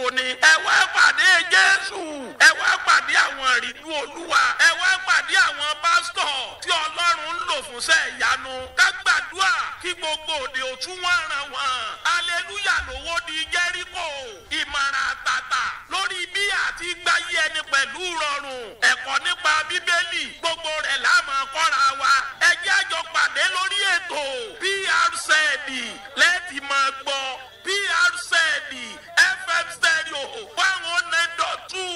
àpò ni ẹ wá pàdé Jésù ẹ wá pàdé àwọn ìrìnnú Olúwa ẹ wá pàdé àwọn pásítọ̀ tí Ọlọ́run ń lò fún sẹ́ ìyanu ká gbàdúrà kí gbogbo òde òtún wọn ràn wọn aleluya lówó di Jẹ́ríkò ìmọ̀ràn àtàtà lórí bí àti gbáyé ẹni pẹ̀lú rọrùn ẹ̀kọ́ nípa Bíbélì gbogbo rẹ̀ láàmú kọ́ra wa ẹ jẹ́ àjọ pàdé lórí ètò PRZ lẹ́ẹ̀tì máa gbọ́ PRZ stereo one hundred dot two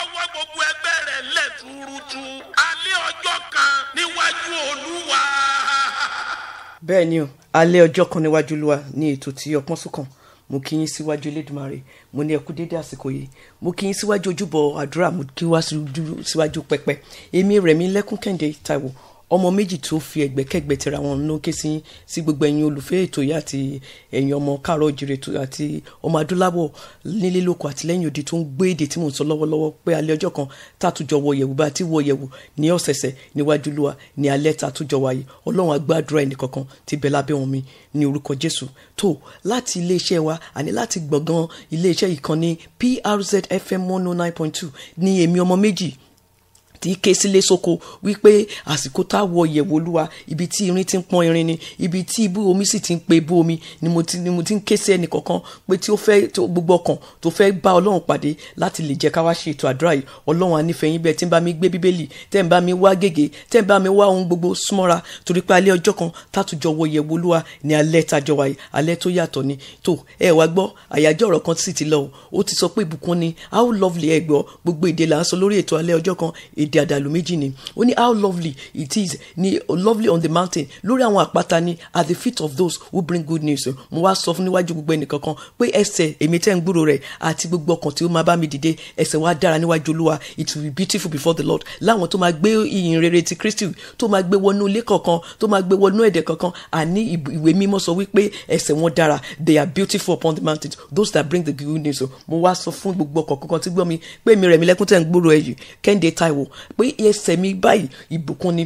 ọwọ́ gbogbo ẹgbẹ́ rẹ̀ lẹ̀ túrútú alẹ́ ọjọ́ kan níwájú olúwa. bẹ́ẹ̀ ni o alẹ́ ọjọ́ kan níwájú olúwa ní ètò tí ọpọ́n sún kàn mo kí yín síwájú elédùnmarè mo ní ẹkú dédé àsìkò yìí mo kí yín síwájú ojúbọ àdúrà mo kí wá síwájú pẹpẹ èmi rẹmi lẹkùn kẹńdé taiwo ọmọ méjì tó fi ẹgbẹ́kẹ́gbẹ́ tẹra wọn ló ké sí sí gbogbo ẹ̀yin olùfẹ́ ètò yìí àti ẹ̀yin ọmọ káàrọ̀ jìrè àti ọmọ adúláwọ̀ nílé lóko àtìlẹ́yìn odi tó ń gbé èdè tí mò ń sọ lọ́wọ́lọ́wọ́ pé alẹ́ ọjọ́ kan tàtújọ wọ yẹ̀wù bá ti wọ yẹ̀wù ní ọ̀sẹ̀sẹ̀ níwájú lúwa ní alẹ́ tàtújọ wáyé ọlọ́run agbádùn ẹnì ti bẹ̀ lábẹ́ wọn mi ní orúkọ jésù tó láti iléeṣẹ́ wa àní láti gbọ̀ngàn iléeṣẹ́ ìkànnì PRZ one oh nine point two ní èmi ọmọ tí í ké sílé sóko wípé àsìkò tá a wọ ìyẹ̀wò olúwa ibi tí irin ti ń pọ́n irin ni ibi tí ibú omi sì ti ń pe ibú omi ni mo ti ni mo ti ń ké sí ẹnì kọ̀ọ̀kan pé tí ó fẹ́ gbogbo ọkàn tó fẹ́ bá ọlọ́run pàdé láti lè jẹ́ ká wá ṣe ètò àdúrà yìí ọlọ́run anífẹ̀yìn bẹ́ẹ̀ tí ń bá mi gbé bíbélì tẹ́ ń bá mi wá gègé tẹ́ ń bá mi wá ohun gbogbo súnmọ́ra torí pé alẹ́ ọjọ́ kan tátùjọ wọ ìyẹ̀wò olúwa ni alẹ́ tàjọ wáyé alẹ́ tó yàtọ̀ ni tó ẹ wá gbọ́ àyájọ́ ọ̀rọ̀ kan sì ti lọ ó ti sọ pé ìbùkún ni how lovely ẹ gbọ́ gbogbo èdè là ń sọ lórí ètò alẹ́ ọjọ́ kan èdè èdè àdàlù méjì ni ó ní how lovely it is ni lovely on the mountain lórí àwọn àpáta ni at the feet of those who bring good news mo wá sọ fún níwájú gbogbo ẹnìkankan pé ẹsẹ̀ èmi tẹ́ ń gbúrò rẹ̀ àti gbogbo ọkàn tí ó máa bá mi dìde ẹsẹ̀ wa dára níwájú olúwa it will be beautiful before the lord láwọn tó máa gbé ìyìn rere ti kristi tó máa gbé wọnú ilé kankan tó máa gbé wọnú èdè kankan àní ìwé mímọ́ sọ wípé ẹsẹ̀ wọn dára they are beautiful upon the mountain. those that bring the good news mo wá sọ fún gbogbo ọkàn kankan tí gbọ́ mi pé mi rẹ̀ mi lẹ́kún tẹ̀ ń gbúrò ẹ̀ yìí kẹ́hìndé taiwo pé ẹsẹ̀ mi báyìí ìbùkún ni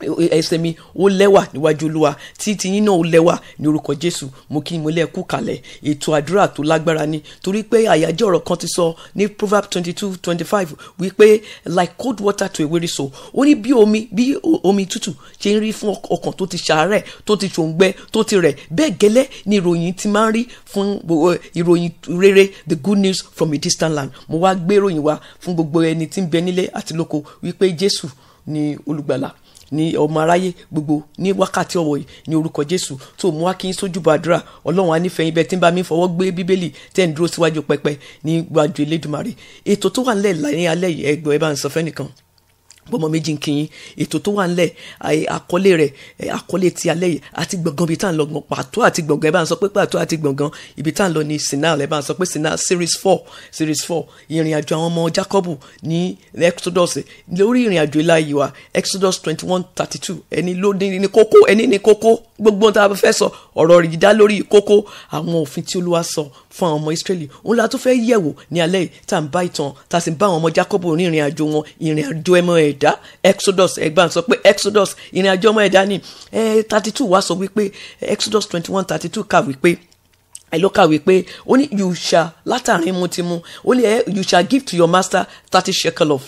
ẹsẹ̀ mi ó lẹ́wà níwájú olúwa tí tiyín náà ó lẹ́wà ní orúkọ jésù mo kí ni mo lẹ́ẹ̀kú kalẹ̀ ètò àdúrà tó lágbára ni torí pé àyájọ́ ọ̀rọ̀ kan ti sọ ní proverb twenty two twenty five wípé like cold water to a weary soul ó ní bí omi bí omi tútù ṣe ń rí fún ọkàn tó ti ṣàárẹ̀ tó ti ṣòǹgbẹ tó ti rẹ̀ bẹ́ẹ̀ gẹ́lẹ́ ni ìròyìn ti máa ń rí fún eh, ìròyìn rere the good news from a distant land mo wá gbé ìròyìn wá fún gbogbo ẹni tí ń bẹ nílé àti lóko wípé jésù ni olùgbàlà Ni ọmọ aráyé gbogbo ní wákàtí ọ̀wọ̀ yìí ní orúkọ jésù tó mú akín sójú bàdúrà ọlọ́run anífẹ̀yìn bẹ́ẹ̀ tí ń bá mi fọwọ́ gbé bíbélì tẹ́ ń dúró síwájú pẹpẹ ní gbàjú elédùmarè ètò tó wà nílẹ̀ ní alẹ́ yìí ẹgbẹ́ ẹ bá ń sọ fẹ́nìkan gbọmọ méjì ń kín ètò tó wà ńlẹ̀ àkọlé rẹ̀ àkọlé ti alẹ́ yìí àti gbọ̀ngàn ibi tá à ń lọ gbọ̀n pàtó àti gbọ̀ngàn ẹ bá ń sọ pé pàtó àti gbọ̀ngàn ibi tá à ń lọ ní sinal ẹ bá ń sọ pé sinal series four series four ìrìn àjò àwọn ọmọ Jacob ní Exodus lórí ìrìn àjò ìlà yìí wa Exodus twenty one thirty two ẹni ló ní kókó ẹni ní kókó gbogbo tá a fẹ́ sọ ọ̀rọ̀ rẹ̀ dá lórí kókó àwọn òfin tí olúwa sọ fún àwọn ọmọ Ísírẹ́lì òun la tó fẹ́ yẹ̀wò ní alẹ́ yìí tá à ń bá ìtàn tá a sì ń bá àwọn ọmọ Jákọ́bù ní ìrìn àjò wọn ìrìn àjò ẹmọ ẹ̀dá Exodus ẹgbàá sọ pé Exodus ìrìn àjò ọmọ ẹ̀dá ni thirty two wá sọ wípé Exodus twenty one thirty two kà wípé ẹ ló kàwé pé ó ní you shall látàrin mu ti mu ó ní ẹ eh, you shall give to your master thirty shekel of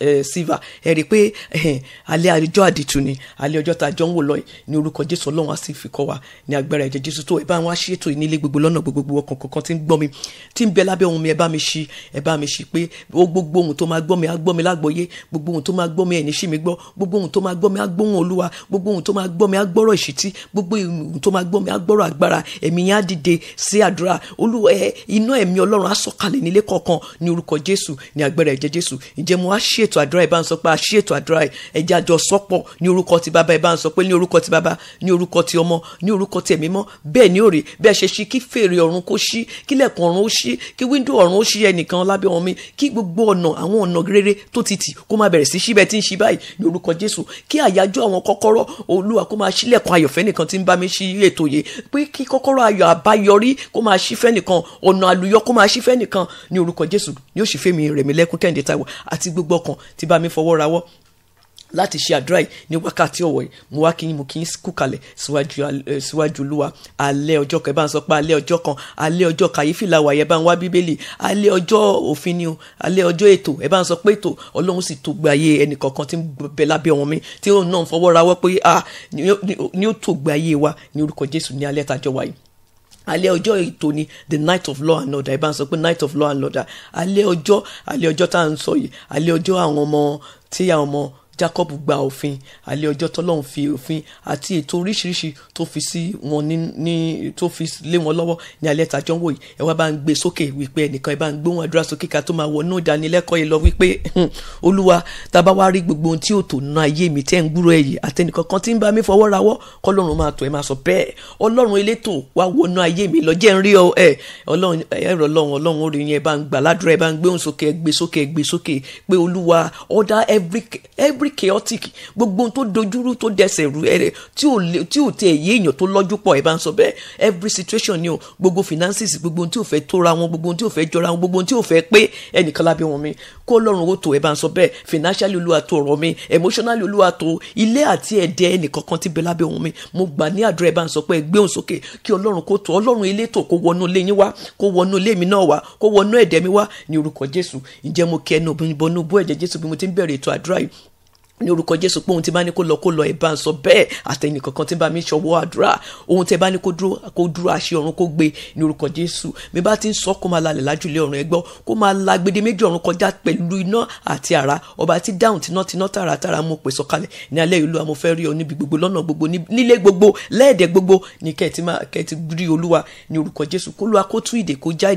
uh, silver ẹ rí i pé eh, alẹ́ àjọ àdìtú ni alẹ́ ọjọ́ tá a jọ ń wò lọ ní orúkọ jésù ọlọ́run á sì fi kọ́ wa ní agbára ẹ̀jẹ̀ jésù tó ẹ bá wọn á ṣètò ìnílé gbogbo lọ́nà gbogbo ọkàn kankan tí ń gbọ́ mi tí ń bẹ lábẹ́ ohun mi ẹ bá mi ṣí ẹ bá mi ṣí pé gbogbo ohun tó máa gbọ́ mi á gbọ́ mi lágbọ́yé gbogbo ohun tó máa gbọ́ mi ẹ̀ ní ṣì mí gbọ́ gbogbo ohun tó máa gbọ́ mi á gbóhùn olúwa gbogbo ohun tó máa gbọ́ mi á gbọ́rọ̀ ìṣítí gbogbo ohun tó máa gbọ́ mi á gbọ́rọ̀ agbára ẹ̀mí yẹn á dìde sí àdúrà olúwa ẹ iná ẹ̀mí ọlọ́run á sọ̀kalẹ̀ nílé kọ̀ọ̀kan ní orúkọ jésù ní agbára ẹ̀jẹ̀ jésù ǹjẹ́ mo á ṣí ètò àdúrà ẹ̀ bá ń sọ pé a ṣí ètò àdúrà ẹ̀ ẹ̀jẹ̀ àjọ sọ́pọ̀ ní orúkọ ti bàbá ẹ̀ bá ń sọ pé ní orúkọ ti bàbá ní orúkọ ti ọmọ ní orúkọ ti ẹ̀mí mọ́ bẹ́ẹ̀ ni òrè bẹ́ẹ̀ ṣe ṣí kí fèrè ọ̀run kó ṣí kí lẹ̀kùn ọ̀run ó ṣí kí wíńdò ọ̀run ó ṣí ẹnìkan lábẹ́ wọn mi kí gbogbo ọ̀nà àwọn ọ̀nà rere tó ti tì kó máa bẹ̀rẹ̀ sí ṣíbẹ̀ tí ń ṣí báyìí ní orúkọ jésù kí àyájọ́ àwọn kọ́kọ́rọ́ olúwa kó máa ṣílẹ̀kùn ayọ̀fẹ́ nìkan tí ń bá mi ṣí ètò yìí pé kí kọ́kọ́rọ́ ayọ̀ àbáyọrí kó máa ṣí fẹ́nìkan ọ̀nà àlùyọ kó máa ṣí fẹ́nìkan ní orúkọ jésù yóò ṣì fẹ́mi rẹ̀mílẹ́kún kẹ́hìndé táíwò àti gbogbo ọkàn tí bá mi fọwọ́ rawọ́ láti ṣe àdúrà yìí ní wákàtí ọ̀wọ̀ yìí mo wá kí mo kí n kú kalẹ̀ eh, síwájú olúwa alẹ́ ọjọ́ kan ẹ bá ń sọ pé alẹ́ ọjọ́ kan alẹ́ ọjọ́ kàyéfì làwà yẹ bá ń wá bíbélì alẹ́ ọjọ́ òfin ni o alẹ́ ọjọ́ ètò ẹ bá ń sọ pé ètò ọlọ́run sì tó gba ayé ẹnìkọ̀ọ̀kan tí ń bẹ lábẹ́ ọmọ mi tí òun náà fọwọ́ rawọ́ pé ah ni ó tó gba ayé wa ní orúkọ jésù ní alẹ́ tàjọ wa alẹ́ ọjọ́ ètò ni the night of law and order ẹ bá ń sọ pé night of law and order alẹ́ ọjọ́ alẹ́ ọjọ́ tá à ń sọ yìí alẹ́ ọjọ́ àwọn ọmọ tí àwọn ọmọ Jacob gba òfin alẹ́ ọjọ́ tọ́lọ́run fi òfin àti ètò oríṣiríṣi tó fi sí wọn ní ní tó fi lé wọn lọ́wọ́ ní alẹ́ tàjọ́ ń wò yìí ẹ wá bá ń gbé sókè wípé ẹnìkan ẹ bá ń gbóhùn àdúrà sókè ká tó máa wọ inú ìdánilẹ́kọ̀ọ́ yìí lọ wípé olúwa tá wá rí gbogbo ohun tí ò tó nínú ayé mi tẹ́ ń gbúrò ẹ̀ yìí àtẹnìkan kan tí ń bá mi fọwọ́ rawọ́ kọ́lọ́run máa tó ẹ máa sọ bẹ́ẹ̀ ọlọ́run mi lọ́jẹ́ ń rí ọ ẹ ọlọ́run ẹ̀rọ ọlọ́run ọlọ́run orí yẹn bá ń gbàládùra ẹ bá ń gbóhùn sókè order every every every chaotic gbogbo tó dojúrú tó dẹsẹ̀ rú ẹrẹ tí ò lè tí ò tẹ èyí èèyàn tó lọ́jú pọ̀ ẹ̀ bá ń sọ bẹ́ẹ̀ every situation ni o gbogbo finances gbogbo tí ò fẹ́ tóra wọn gbogbo tí ò fẹ́ jọra wọn gbogbo tí ò fẹ́ pé ẹnìkan lábẹ́ wọn mi kó lọ́run ó tó ẹ̀ bá ń sọ bẹ́ẹ̀ financially olúwa tó ọ̀rọ̀ mi emotionally olúwa tó ilé àti ẹ̀dẹ́ ẹnìkankan ti bẹ lábẹ́ wọn mi mo gbà ní àdúrà ẹ̀ bá ń sọ pé gbé ilé tó kó wọnú ilé yín wá kó wọnú ilé mi náà wá kó wọnú ẹ̀dẹ́ mi wá ní orúkọ jésù ǹjẹ́ ní orúkọ jésù pé ohun tí bá ní kó lọ kó lọ ẹ bá ń sọ bẹ́ẹ̀ àtẹnì kankan tí bá mi ṣọwọ́ àdúrà ohun tí bá ní kó dúró kó dúró àṣẹ ọ̀run kó gbé ní orúkọ jésù mi bá ti ń sọ kó máa lalẹ̀ lájúlé ọ̀run ẹgbọ́ kó máa la gbede méjì ọ̀run kọjá pẹ̀lú iná àti àrá ọba tí dáhùn tiná tiná tààràtàrà mo pè sọ̀kalẹ̀ ní alẹ́ ìlú àmọ́ fẹ́ rí ọ níbi gbogbo lọ́nà gbogbo nílé gbogbo lẹ́ẹ̀dẹ̀ gbogbo ní kẹ́ẹ̀tì máa kẹ́ẹ̀tì rí olúwa ní orúkọ jésù kó lu akó tún ìdè kó já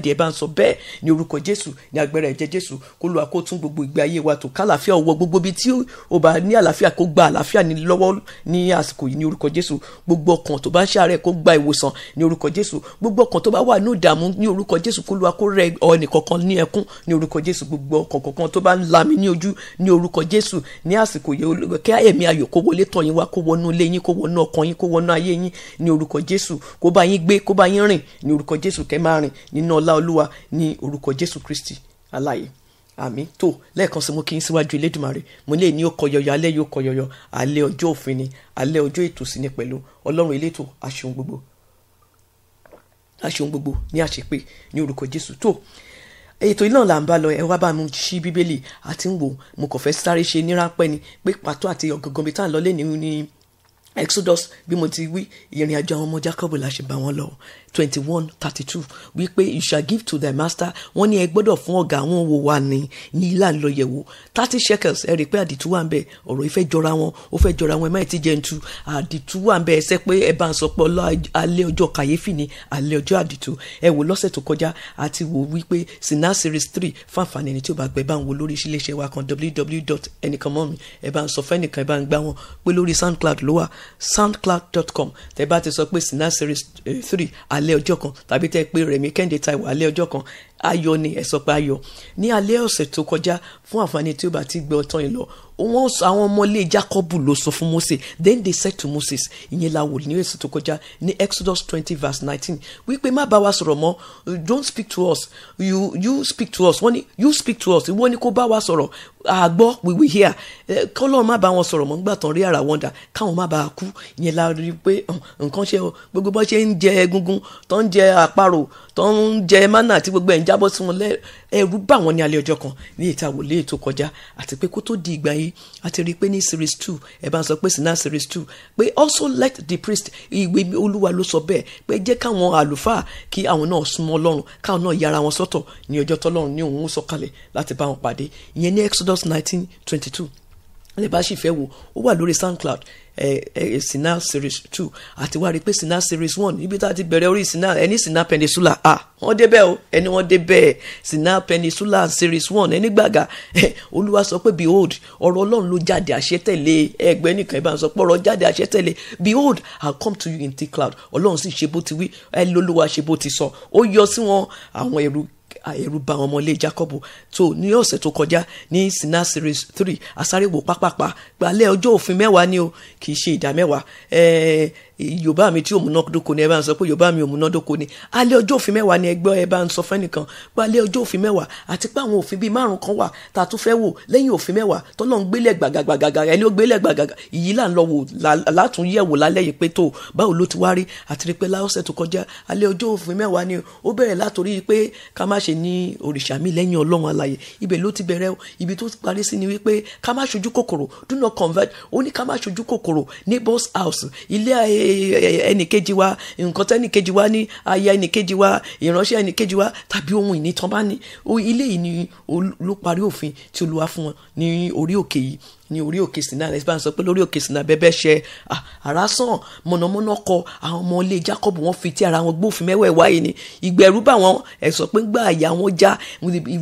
ìdè bá ní àlàáfíà kó gba àlàáfíà ní lọ́wọ́ ní àsìkò yìí ní orúkọ Jésù gbogbo ọkàn tó bá ń ṣàárẹ̀ kó gba ìwòsàn ní orúkọ Jésù gbogbo ọkàn tó bá wà ní ìdààmú ní orúkọ Jésù kó lùwà kó rẹ ẹnìkọ̀ọ̀kan ní ẹkún ní orúkọ Jésù gbogbo ọkàn kọ̀ọ̀kan tó bá ń lami ní ojú ní orúkọ Jésù ní àsìkò yìí kí ẹ̀mí ayọ̀ kó wọlé tọ̀ yín wá kó wọnú ilé yín kó wọnú ọkàn yín kó wọnú ayé yín ní orúkọ Jésù kó bá yín gbé kó bá yín rìn ní orúkọ Jésù kẹ́ máa rìn nínú ọlá Olúwa ní orúkọ Jésù Kristi aláyé àmì tó lẹ́ẹ̀kan sí mo kí n síwájú Elédùmarè mo lè ní ọkọ̀ yọyọ alẹ́ yóò kọ yọyọ alẹ́ ọjọ́ òfin ni alẹ́ ọjọ́ ètò sí ni pẹ̀lú ọlọ́run elétò aṣeun gbogbo aṣeun gbogbo ní àṣepé ní orúkọ Jésù tó ètò iná là ń bá lọ ẹ wá bá mi ṣí bíbélì àti ń wò mo kàn fẹ́ sáré ṣe ní ráńpẹ́ ni pé pàtó àti ọ̀gọ̀ngàn mi tá à ń lọ lé ní Exodus bí mo ti wí ìrìn àjò àwọn ọmọ Jacob la ṣe bá wọn lọ twenty one thirty two wípé you shall give to thy master wọ́n ní ẹ gbọ́dọ̀ fún ọ̀gá wọn wò wá ní ní ilà ńlọyẹ̀wò thirty shekels ẹ rí i pé àdìtú wà ń bẹ ọ̀rọ̀ ìfẹ́ jọra wọn ó fẹ́ jọra wọn ẹ má ti jẹun tu àdìtú wà ń bẹ ẹsẹ́ pé ẹ bá ń sọ pé ọlọ́ alẹ́ ọjọ́ kàyéfì ni alẹ́ ọjọ́ àdìtú ẹ wò lọ́sẹ̀ tó kọjá àti wò wípé sinna series three fún àǹfààní ẹni tí ó bá gbẹ bá ń wo lórí iléeṣẹ́ wa kan www.ẹnìkanmọ́mi ẹ bá ń sọ fẹ́nìkan ẹ bá ń gbá wọn pé lórí soundcloud ló wà soundcloud.com tẹ bá ti series eh, three alẹ́ ọjọ́ kan tàbí tẹ́ pé Rẹ̀mí Kẹ́hìndé Táíwò alẹ́ ọjọ́ kan ayọ̀ ni ẹ̀ sọ pé ayọ̀ ní alẹ́ ọ̀sẹ̀ tó kọjá fún àǹfààní tí ó bá ti gbé ọtán yìí lọ wọ́n àwọn ọmọ ilé Jacob ló sọ fún Mose then they said to Moses ìyẹn la wò ní èsì tó kọjá ní Exodus twenty verse nineteen wípé má bá wa sọ̀rọ̀ mọ́ don't speak to us you you speak to us wọ́n ní you speak to us ìwọ ni kó bá wa sọ̀rọ̀ àgbọ́ we will hear kọ́lọ́ má bá wọn sọ̀rọ̀ mọ́ nígbà tán rí ara wọn dà káwọn má bá a kú ìyẹn la rí i pé nǹkan ṣe gbogbo bó ṣe ń jẹ egungun tó ń jẹ àparò tó ń jẹ mánà àti gbogbo ẹ̀ ń jábọ́ sí wọn ẹ̀rù bà wọ́n ní alẹ́ ọjọ́ kan ní ìta wòlé ètò kọjá àti pé kó tó di ìgbà yìí a ti rí i pé ní series two ẹ̀ bá ń sọ pé sinna series two pé also let the priest ìwé olúwa ló sọ bẹ́ẹ̀ pé jẹ́ káwọn àlùfáà kí àwọn náà súnmọ́ ọlọ́run káwọn náà yára wọn sọ́tọ̀ ní ọjọ́ tọ́lọ́run ní òun sọ̀kalẹ̀ láti bá wọn pàdé ìyẹn ní Exodus nineteen twenty two lè bá sì fẹ́ wo ó wà lórí SoundCloud ẹ ẹ Sinna series two àti wá rí i pé Sinna series one níbi tá a ti bẹ̀rẹ̀ orí Sinna ẹni Sinna Peninsula ah wọ́n débẹ̀ o ẹni wọ́n débẹ̀ Sinna Peninsula series one ẹni gbàgà ẹ olúwa sọ pé behold ọ̀rọ̀ ọlọ́run ló jáde àṣẹ tẹ̀lé ẹgbẹ́ nìkan ìbára sọ pé ọ̀rọ̀ jáde àṣẹ tẹ̀lé behold I come to you in thick cloud ọlọ́run sì ṣe bó ti wí ẹ lólúwa ṣe bó ti sọ ó yọ sí wọn àwọn ẹ̀rù ẹ̀rù bà àwọn ọmọ ilé Jacob tó ní ọ̀sẹ̀ tó kọjá ní Sinna series three asárèwò pápápá gbalẹ̀ ọjọ́ òfin mẹ́wàá ni o kì í ṣe ìdá mẹ́wàá ẹ̀ẹ́ yorùbá mi tí òmùnádóko ni ẹ bá ń sọ pé yorùbá mi òmùnádóko ni alẹ́ ọjọ́ òfin mẹ́wàá ni ẹgbẹ́ ẹ bá ń sọ fẹ́nìkan pé alẹ́ ọjọ́ òfin mẹ́wàá àti pé àwọn òfin bíi márùn kan wà tá a tún fẹ́ wò lẹ́yìn òfin mẹ́wàá tọ́lọ́ ń gbélé gbàgàgbàgàgà ẹni ó gbélé gbàgàgà ìyí là ń lọ wò látún yẹ̀ wò lálẹ́ yìí pé tó báwo ló ti wá rí àti rí pé láọ́sẹ̀ tó kọjá alẹ́ ọjọ́ ni ó bẹ̀rẹ̀ látòrí pé ká má ṣe ní òrìṣà mi lẹ́yìn ọlọ́run alààyè ibẹ̀ ló ti bẹ̀rẹ̀ ibi tó parí house ilé ayé ẹnìkejì wa nǹkan tẹ́nìkejì wa ní aya ẹnìkejì wa ìránṣẹ́ ẹnìkejì wa tàbí ohun ìní tán bá ní ilé yìí ni ló parí òfin tí Olúwa fún wọn ní orí òkè yìí ní orí òkè Sínà lẹsí sọ pé lórí òkè Sínà bẹbẹ ṣe àrá sàn kọ àwọn ọmọ ilé Jacob wọn fi ti ara wọn gbófin mẹ́wẹ̀ẹ̀wá yìí ni ìgbẹ̀rú bá wọn ẹ pé gbà àyà wọn já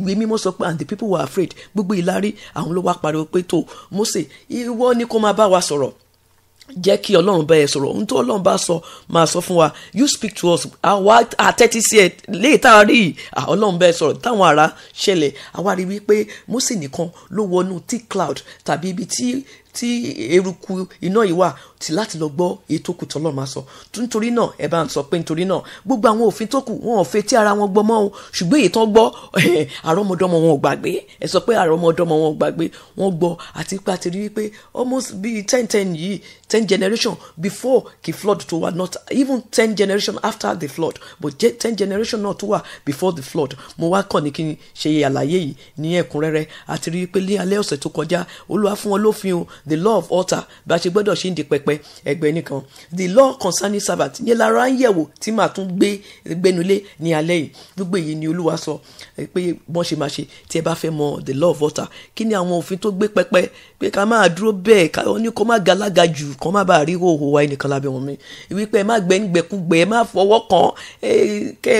ìwé mímọ́ sọ pé and the people were afraid gbogbo ìlarí àwọn ló wá pariwo pé tó Mósè ìwọ ni kó máa bá wa sọ̀rọ̀ jẹ́ kí ọlọ́run bá ẹ sọ̀rọ̀ ohun tó ọlọ́run bá sọ máa sọ fún wa you speak to us àwa àtẹ́tí sí ẹ léè tá a rí i ọlọ́run bá ẹ sọ̀rọ̀ táwọn ará ṣẹlẹ̀ àwa rí wípé Mósè nìkan ló wọnú thick cloud tàbí ibi tí tí eruku iná yìí wà tí láti lọ gbọ́ ètò kù tọ́lọ́ máa sọ nítorí náà ẹ bá ń sọ pé nítorí náà gbogbo àwọn òfin tó kù wọn ò fẹ́ tí ara wọn gbọ́ mọ́ o ṣùgbọ́n èyí tó gbọ́ àrọ́mọdọ́mọ wọn ò gbàgbé ẹ sọ pé àrọ́mọdọ́mọ wọn ò gbàgbé wọn gbọ́ àti pé àti rí wípé almost bíi ten ten yìí ten generation before the flood tó wà not even ten generation after the flood but ten generation náà tó wà before the flood mo wá kàn ní kí n ṣe àlàyé yìí ní ẹ̀kúnrẹ́rẹ́ àti rí wípé ní alẹ́ ọ̀sẹ̀ tó kọjá olúwa fún wọn lófin o the law of altar bí a ṣe gbọ́dọ̀ ṣe ń di pẹpẹ ẹgbẹ́ nìkan the law concerning sabbath yẹn lára ń yẹ̀wò tí màá tún gbé gbẹnulé ní alẹ́ yìí gbogbo èyí ni olúwa sọ pé wọ́n ṣe máa ṣe tí ẹ bá fẹ́ mọ the law of altar kí ni àwọn òfin tó gbé pẹpẹ pé ká máa dúró bẹ́ẹ̀ ká ní kó má galaga jù kó má bàa rí hòhò wa ẹnìkan lábẹ́ wọn mi wípé ẹ má gbẹ́ngbẹ́kúgbẹ́ ẹ má fọwọ́ kàn ẹ kẹ́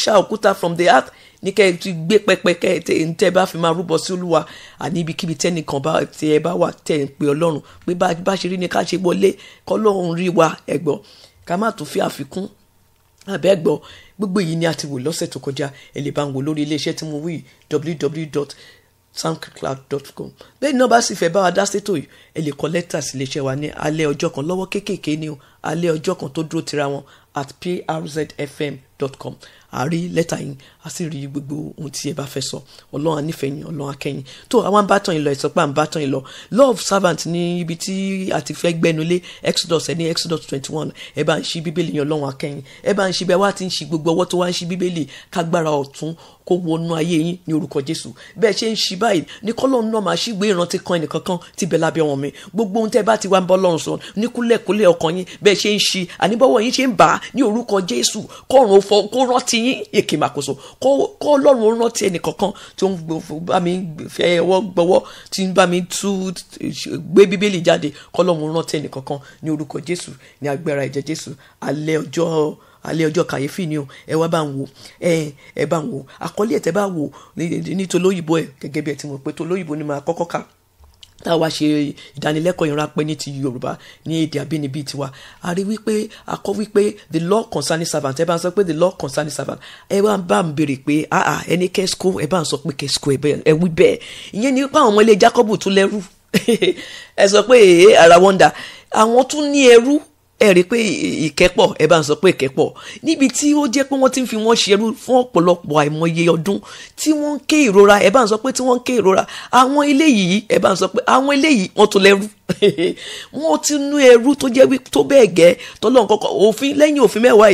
ṣá òkúta from the earth ní kẹ́ ẹ ti gbé pẹpẹ kẹ́ ẹ tẹ́ ẹ bá fi máa rúbọ sí olúwa àní ibikíbi tẹ́nìkan bá tẹ ẹ bá wà tẹ̀ ń pe ọlọ́run pé bá ṣe rí ni ká ṣe wọlé kọ́lọ́run rí wa ẹ̀gbọ́ ká má tún fi àfikún àbẹ́gbọ́ gbogbo èyí ni a ti wò lọ́sẹ̀ tó kọjá ẹ lè bá ń wò lórí iléeṣẹ́ tí mo wí www soundcloud.com bẹ́ẹ̀ ni nọ́mbà sì fẹ́ bá wa dá sétò yìí ẹ lè kọ lẹ́tà sí iléeṣẹ́ wa ní alẹ́ ọjọ́ kan lọ́wọ́ kéékèèké ni o alẹ́ ọjọ́ kan tó dúró tira wọn at przfm.com àárí lẹ́tà yín á sì rí gbogbo ohun tí ẹ bá fẹ́ sọ ọlọ́run anífẹ̀yìn ọlọ́run akẹ́yìn tó àwọn àbátan ìlọ ìsọpá àbátan ìlọ love servant ní ibi tí a ti fẹ́ gbẹnulé exodus ẹ exodus twenty one ẹ bá ń ṣí bíbélì yẹn ọlọ́run akẹ́yìn ẹ bá ń ṣí bẹ́ẹ̀ wá ti ń ṣí gbogbo ọwọ́ tó wá ń ṣí bíbélì kágbára ọ̀tún kó wọnú ayé yín ní orúkọ jésù bẹ́ẹ̀ ṣe ń ṣí báyìí ní kọ́lọ́run náà máa ṣí gbé ìrántí kan ẹnìkankan ti bẹ̀ lábẹ́ wọn mi gbogbo ohun tẹ́ bá ti wá ń bọ́ lọ́run sọ ní ọkàn yín bẹ́ẹ̀ ṣe ń ṣí àníbọ̀wọ̀ yín ṣe ń bà á ní orúkọ jésù kọ́run ó fọ kó rántí yín èkè màkóso kó kó ọlọ́run rántí ẹnìkọ̀ọ̀kan tó ń bá mi fẹ́ ẹwọ́ gbọ́wọ́ tí ń bá mi tú gbé bíbélì jáde kó ọlọ́run rántí ẹnìkọ̀ọ̀kan ní orúkọ jésù ní agbára ẹ̀jẹ̀ jésù alẹ́ ọjọ́ alẹ́ ọjọ́ kàyéfì ni o ẹ wá bá ń wò ẹ ẹ bá ń wò àkọlé ẹ̀ tẹ́ bá wò ní tolóyìnbó ẹ̀ gẹ́gẹ́ bí ẹ ti mọ̀ pé tolóyìnbó ni màá kọ́kọ́ kà tá a wá ṣe ìdánilẹ́kọ̀ọ́ ìránpẹ́ ní ti yorùbá ní èdè àbínibí tiwa a rí wípé a kọ́ wípé the law concerning servant ẹ bá ń sọ pé the law concerning servant ẹ bá ń bá ń ah. pé àà ẹni kẹ́síkó ẹ bá ń sọ pé kẹ́síkó ẹ wí bẹ́ẹ̀ ìyẹn ni pé àwọn ọmọ ilé jacob tún lẹ́rú ẹ sọ pé ara wọn dà àwọn tún ní ẹrú ẹ rí i pé ìkẹ́pọ̀ ẹ bá ń sọ pé ìkẹ́pọ̀ níbi tí ó jẹ́ pé wọ́n ti ń fi wọ́n ṣerú fún ọ̀pọ̀lọpọ̀ àìmọye ọdún tí wọ́n ń ké ìrora ẹ bá ń sọ pé tí wọ́n ń ké ìrora àwọn eléyìí ẹ bá ń sọ pé àwọn eléyìí wọ́n tún lẹ́rú wọ́n ti nú ẹrú tó jẹ́ tó bẹ́ẹ̀ gẹ́ tọ́lọ́ kọ́kọ́ òfin lẹ́yìn òfin mẹ́wàá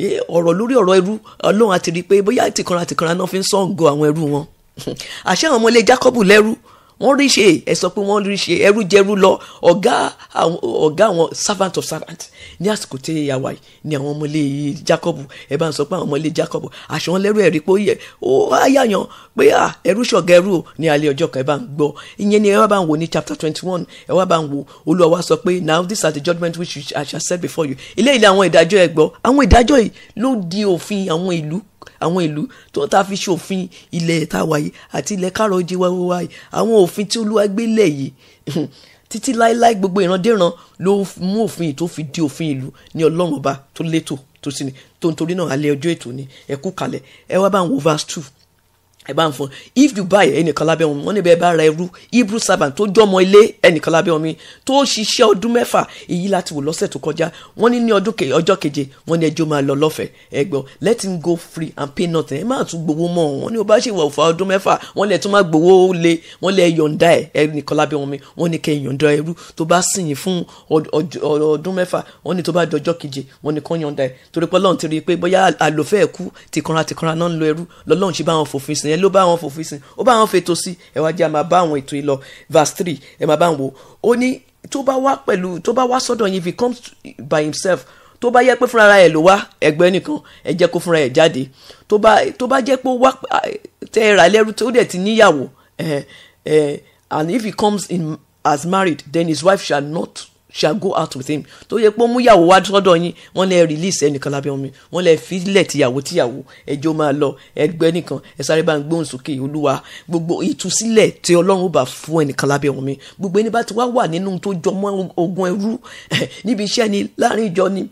yìí ọ̀rọ̀ lórí ọ̀rọ̀ ẹrú ọlọ́run àti rí i pé bóyá tìkanra tìkanra náà fi ń sọ̀ǹgọ̀ àwọn ẹrú wọn àṣẹ àwọn ọmọ ilé Jákọ́bù lẹ́rú wọ́n rí ṣe ẹ sọ pé wọ́n rí ṣe ẹrú jẹrú lọ ọ̀gá àwọn ọ̀gá àwọn servant of servant ní àsìkò tí yàwá ni àwọn ọmọlé Jacob ẹ bá ń sọ pé àwọn ọmọlé Jacob àṣọ wọn lẹ́rú ẹ̀rí pé ó yẹ ó yàyàn pé à ẹrú ṣọ̀gá ẹrú o ní alẹ́ ọjọ́ kan ẹ bá ń gbọ́ ìyẹn ni ẹ wá bá ń wò ní chapter twenty one ẹ wá bá ń wò Olúwa wa sọ pé now this is the judgment which I shall set before you ilé ìlẹ̀ àwọn ìdájọ́ ẹ gbọ́ àwọn ìdájọ́ yìí ló di òfin àwọn ìlú àwọn ìlú tó ń ta fi ṣòfin ilẹ̀ tá a wà yìí àti ilẹ̀ kárọ̀ ojì wa wá yìí àwọn òfin tí olúwa gbé lẹ̀ yìí títí láéláé gbogbo ìrandéran ló mú òfin yìí tó fi di òfin ìlú ní ọlọ́run ọba tó létò tó sì ní tó ń torí náà alẹ́ ọjọ́ ètò ni ẹ kú kalẹ̀ ẹ wá bá ń wo verse two ẹ ń fún if you buy ẹnìkan lábẹ́ wọn wọn níbẹ̀ bá ra ẹrú hebrew servant tó jọmọ ilé ẹnìkan lábẹ́ wọn mi tó ṣiṣẹ́ ọdún mẹ́fà èyí láti wò lọ́sẹ̀ tó kọjá wọn ní ní ọdún ọjọ́ keje wọn ní ẹjọ́ máa lọ lọ́fẹ̀ẹ́ ẹ gbọ́ let him go free and pay nothing ẹ máa tún gbowó mọ́ wọn ní o bá ṣe wà òfà ọdún mẹ́fà wọn lè tún máa gbowó lé wọn lè yọ̀ǹda ẹ ẹnìkan lábẹ́ wọn mi wọn ní kẹ́ yọ̀ǹda ẹrú tó bá sìn fún ọdún mẹ́fà wọn ní tó bá dọjọ́ keje wọn ní kàn yọ̀ǹda ẹ torí pé ọlọ́run ti rí i pé bóyá àlòfẹ́ ẹ̀kú tìkanra tìkanra náà ń sìn yẹn ló bá wọn fòfin sí ó bá wọn fètò sí ẹ wá jẹ́ a bá àwọn ètò yìí lọ verse three ẹ máa bá wọn wò ó ní tó bá wá pẹ̀lú tó bá wá sọ́dọ̀ yín if he comes by himself tó bá yẹ pé fúnra ẹ ló wá ẹgbẹ́ nìkan ẹ jẹ́ kó fúnra ẹ jáde tó bá tó bá jẹ́ pé ó wá tẹ ẹ rà lẹ́rú tó dẹ̀ ti níyàwó and if he comes in as married then his wife shall not shall go out with him tó yẹ pé ó mú ìyàwó wá sọ́dọ̀ yín wọ́n lè release ẹnìkan lábẹ́ omi wọ́n lè filẹ̀ tìyàwó tìyàwó ẹjọ́ máa lọ ẹgbẹ́ nìkan ẹ sáré bá ń gbóhùn sókè olúwa gbogbo ìtúsílẹ̀ tí ọlọ́run bá fún ẹnìkan lábẹ́ omi gbogbo ẹni bá ti wá wà nínú tó jọmọ́ ogun ẹrú níbi iṣẹ́ ni láàrin ìjọ ni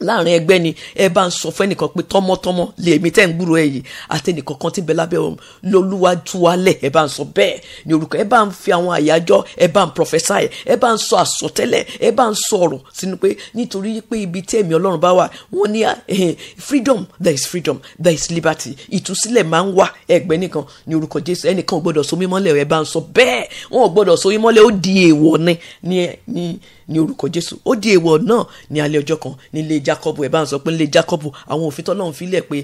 láàrin ẹgbẹ́ ni ẹ bá ń sọ fún ẹnìkan pé tọmọtọmọ lèmi tẹ́ ń gbúrò ẹ yìí àti ẹnìkan kan tí ń bẹ lábẹ́ ọ̀run lọ́lúwa juwalẹ̀ ẹ bá ń sọ bẹ́ẹ̀ ní orúkọ ẹ bá ń fi àwọn àyájọ́ ẹ bá ń prọfẹ́sà ẹ ẹ bá ń sọ àsọtẹ́lẹ̀ ẹ bá ń sọ ọ̀rọ̀ sínú pé nítorí pé ibi tí ẹ̀mí ọlọ́run bá wà wọ́n ní eh, freedom there is freedom there is liberty ìtúsílẹ̀ máa ń wà ẹgbẹ́ nìkan ní orúkọ jésù ẹnìkan ò gbọ́dọ̀ so mímọ́lẹ̀ ẹ bá ń sọ bẹ́ẹ̀ wọn ni ní orúkọ jésù ó di èèwọ̀ náà ní alẹ́ ọjọ́ kan nílé jacob ẹ̀ bá ń sọ pé nílé jacob àwọn òfin tọ́lọ́run fi lẹ̀ pé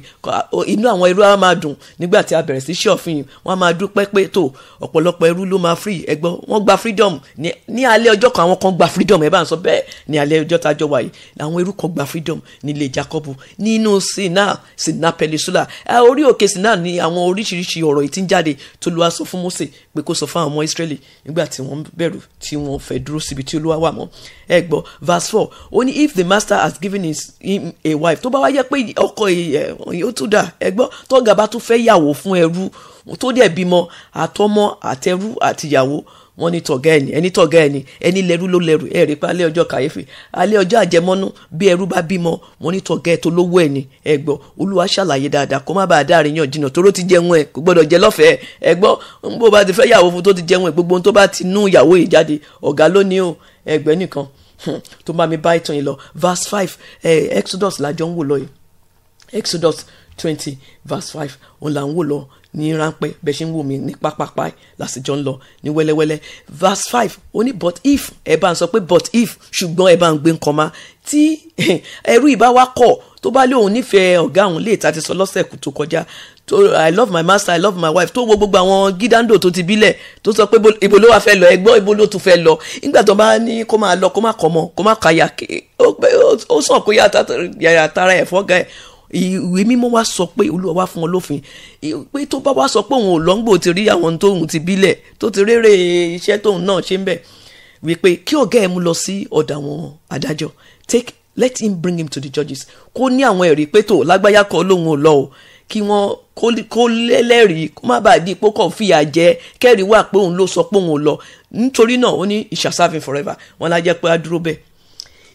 inú àwọn ẹrú á máa dùn nígbà tí a bẹ̀rẹ̀ sí ṣe òfin wọn á máa dúpẹ́ pé tó ọ̀pọ̀lọpọ̀ ẹrú ló máa free ẹgbọ́ wọ́n gba freedom ní alẹ́ ọjọ́ kan àwọn kan gba freedom ẹ̀ bá ń sọ bẹ́ẹ̀ ní alẹ́ ọjọ́ tá wáyé àwọn ẹrú kan gba freedom nílé jacob nínú sinna sinna peninsula orí òkè sinna ni àwọn oríṣiríṣi ọ̀rọ̀ ìtí ń jáde tó lu aṣọ fún mose pé kó sọ fún àwọn ọmọ israeli nígbà tí wọ́n bẹ̀rù tí wọ́n fẹ́ dúró síbi tí olúwa wà mọ́ ẹ gbọ́ verse four ó ní if the master has given his, him a wife tó bá wá yẹ pé ọkọ ìyẹn ó tún dà ẹ gbọ́ tọ́gà bá tún fẹ́ yàwó fún ẹrú tó dẹ̀ bímọ àtọmọ àtẹrú àtìyàwó wọ́n ní tọ̀gá ẹni ẹni tọ̀gá ẹni ẹni lẹ́rú ló lẹ́rú ẹ rí i pé alẹ́ ọjọ́ kàyéfì alẹ́ ọjọ́ àjẹmọ́nú bí ẹrú bá bímọ wọ́n ní tọ̀gá ẹ tó lówó ẹni ẹ gbọ́ olúwa ṣàlàyé dáadáa kó má bàa dáàrin yàn jìnnà tóró ti jẹun ẹ kò gbọ́dọ̀ jẹ lọ́fẹ̀ẹ́ ẹ gbọ́ bó bá ti fẹ́ yàwó fún tó ti jẹun ẹ gbogbo ohun tó bá ti nú ìyàwó yìí jáde ọ̀gá lónìí o ẹgbẹ́ nìkan hmm, tó bá mi bá ìtàn yìí lọ verse five Exodus lájọ ń wò lọ yìí Exodus twenty verse five òun là ń wò lọ ní ráńpẹ́ bẹ́ẹ̀ ṣe ń wò mí ní pápápá lásìjọ ń lọ ní wẹ́lẹ́wẹ́lẹ́ verse five ó ní but if ẹ bá ń sọ pé but if ṣùgbọ́n ẹ bá ń gbé nǹkan ma tí ẹrú ìbá wa kọ̀ tó bá lé òun nífẹ̀ẹ́ ọ̀gá òun lè ta ti sọ lọ́sẹ̀ tó kọjá tó i love my master i love my wife tó wo gbogbo àwọn gídáńdò tó ti bílẹ̀ tó sọ pé ibo ló wà fẹ́ lọ ẹgbọ́n ibo ló tún fẹ́ lọ nígbà tó bá ní kó máa lọ kó máa kọ́ mọ kó máa kàyà ké ó sàn kó yàrá tara ẹ̀ fọ́gà ẹ̀ ìwé mímọ́ wá sọ pé olúwa wá fún ọ lófin pé tó bá wá sọ pé òun ò lọ́ngbò ti rí àwọn tóun ti bílẹ̀ tó ti rérè iṣẹ́ tóun náà ṣe ń bẹ̀ wípé kí ọ̀gá ẹ̀ mú lọ sí ọ̀dà àwọn adájọ́ take let him bring him to the judges kó ní àwọn ẹ̀rí pé tó lágbáyà kọ́ lóun ò lọ o kí wọ́n kó lẹ́lẹ́rìí kó má bàa di ipò kan fìyà jẹ kẹ́rìí wà pé òun ló sọ pé òun ò lọ nítorí náà ó ní he shall serve him forever wọn la jẹ́ pé á dúró bẹ́ẹ̀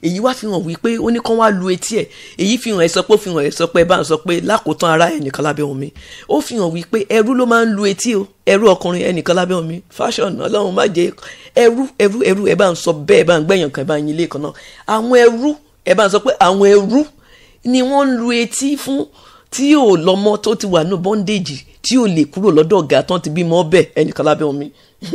èyí wá fi hàn wípé ó ní kán wá lu etí ẹ̀ èyí fi hàn ẹ sọ pé ó fi hàn ẹ sọ pé ẹ bá ń sọ pé lákòótán ara ẹnìkan lábẹ́ omi ó fi hàn wípé ẹrú ló máa ń lu etí o ẹrú ọkùnrin ẹnìkan lábẹ́ omi fashion ọlọ́run má jẹ́ ẹrú ẹrú ẹrú ẹ bá ń sọ bẹ́ẹ̀ bá ń gbẹ̀yàn kan ẹ bá ń yin ilé kan náà àwọn ẹrú ẹ bá ń sọ pé àwọn ẹrú ni wọ́n ń lu etí fún tí yóò lọ́mọ tó ti wà ní bọ́ndéjì tí yóò lè kúrò lọ́dọ̀ ọ̀gá tán ti bímọ ọbẹ̀ ẹnìkan lábẹ́ omi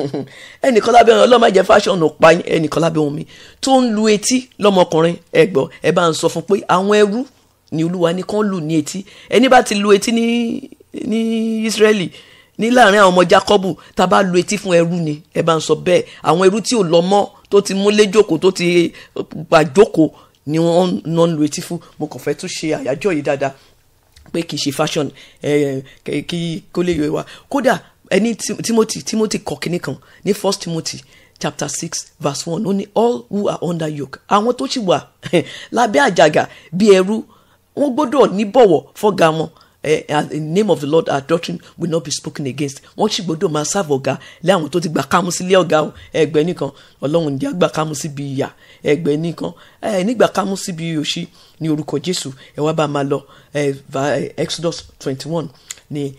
ẹnìkan lábẹ́ omi ọlọ́mọ ẹ̀jẹ̀ fashion pa ẹnìkan lábẹ́ omi tó ń lu etí lọ́mọkùnrin ẹ̀gbọ́ ẹ bá ń sọ fún pé àwọn ẹrú ni olúwa ní kán lù ní etí ẹni bá ti lu etí ní ní Ísírẹ́lì ní láàrin àwọn ọmọ Jákọ́bù tá a bá lu etí fún ẹrú ni ẹ bá ń sọ bẹ́ẹ̀ àwọn ẹrú tí ò lọ́mọ tó ti múlé jókòó tó ti gbàjókòó ni wọ́n ń lu etí fún mo kàn fẹ́ tún ṣe àyájọ́ yìí dáadáa pé kì í ṣe fashion eh, kí kó lè yọ ìwà kódà ẹni Timothy Timothy kọ kínní kan ní first Timothy chapter six verse one ó ní all who are under yoke àwọn tó sì wà lábẹ́ àjàgà bí ẹrú wọ́n gbọ́dọ̀ níbọ̀wọ̀ fọ́gá wọn in eh, name of the lord our doctrine will not be spoken against wọ́n sì gbọ́dọ̀ máa ṣàfọ̀gá lé àwọn tó ti gbà kámú sí ilé ọ̀gá ẹgbẹ́ nìkan ọlọ́run ní agbà kámú sí ibi ìyà ẹgbẹ́ nìkan ẹ nígbà ká mú síbi òṣì ní orúkọ Jésù ẹ wá bá máa lọ Exodus twenty one ni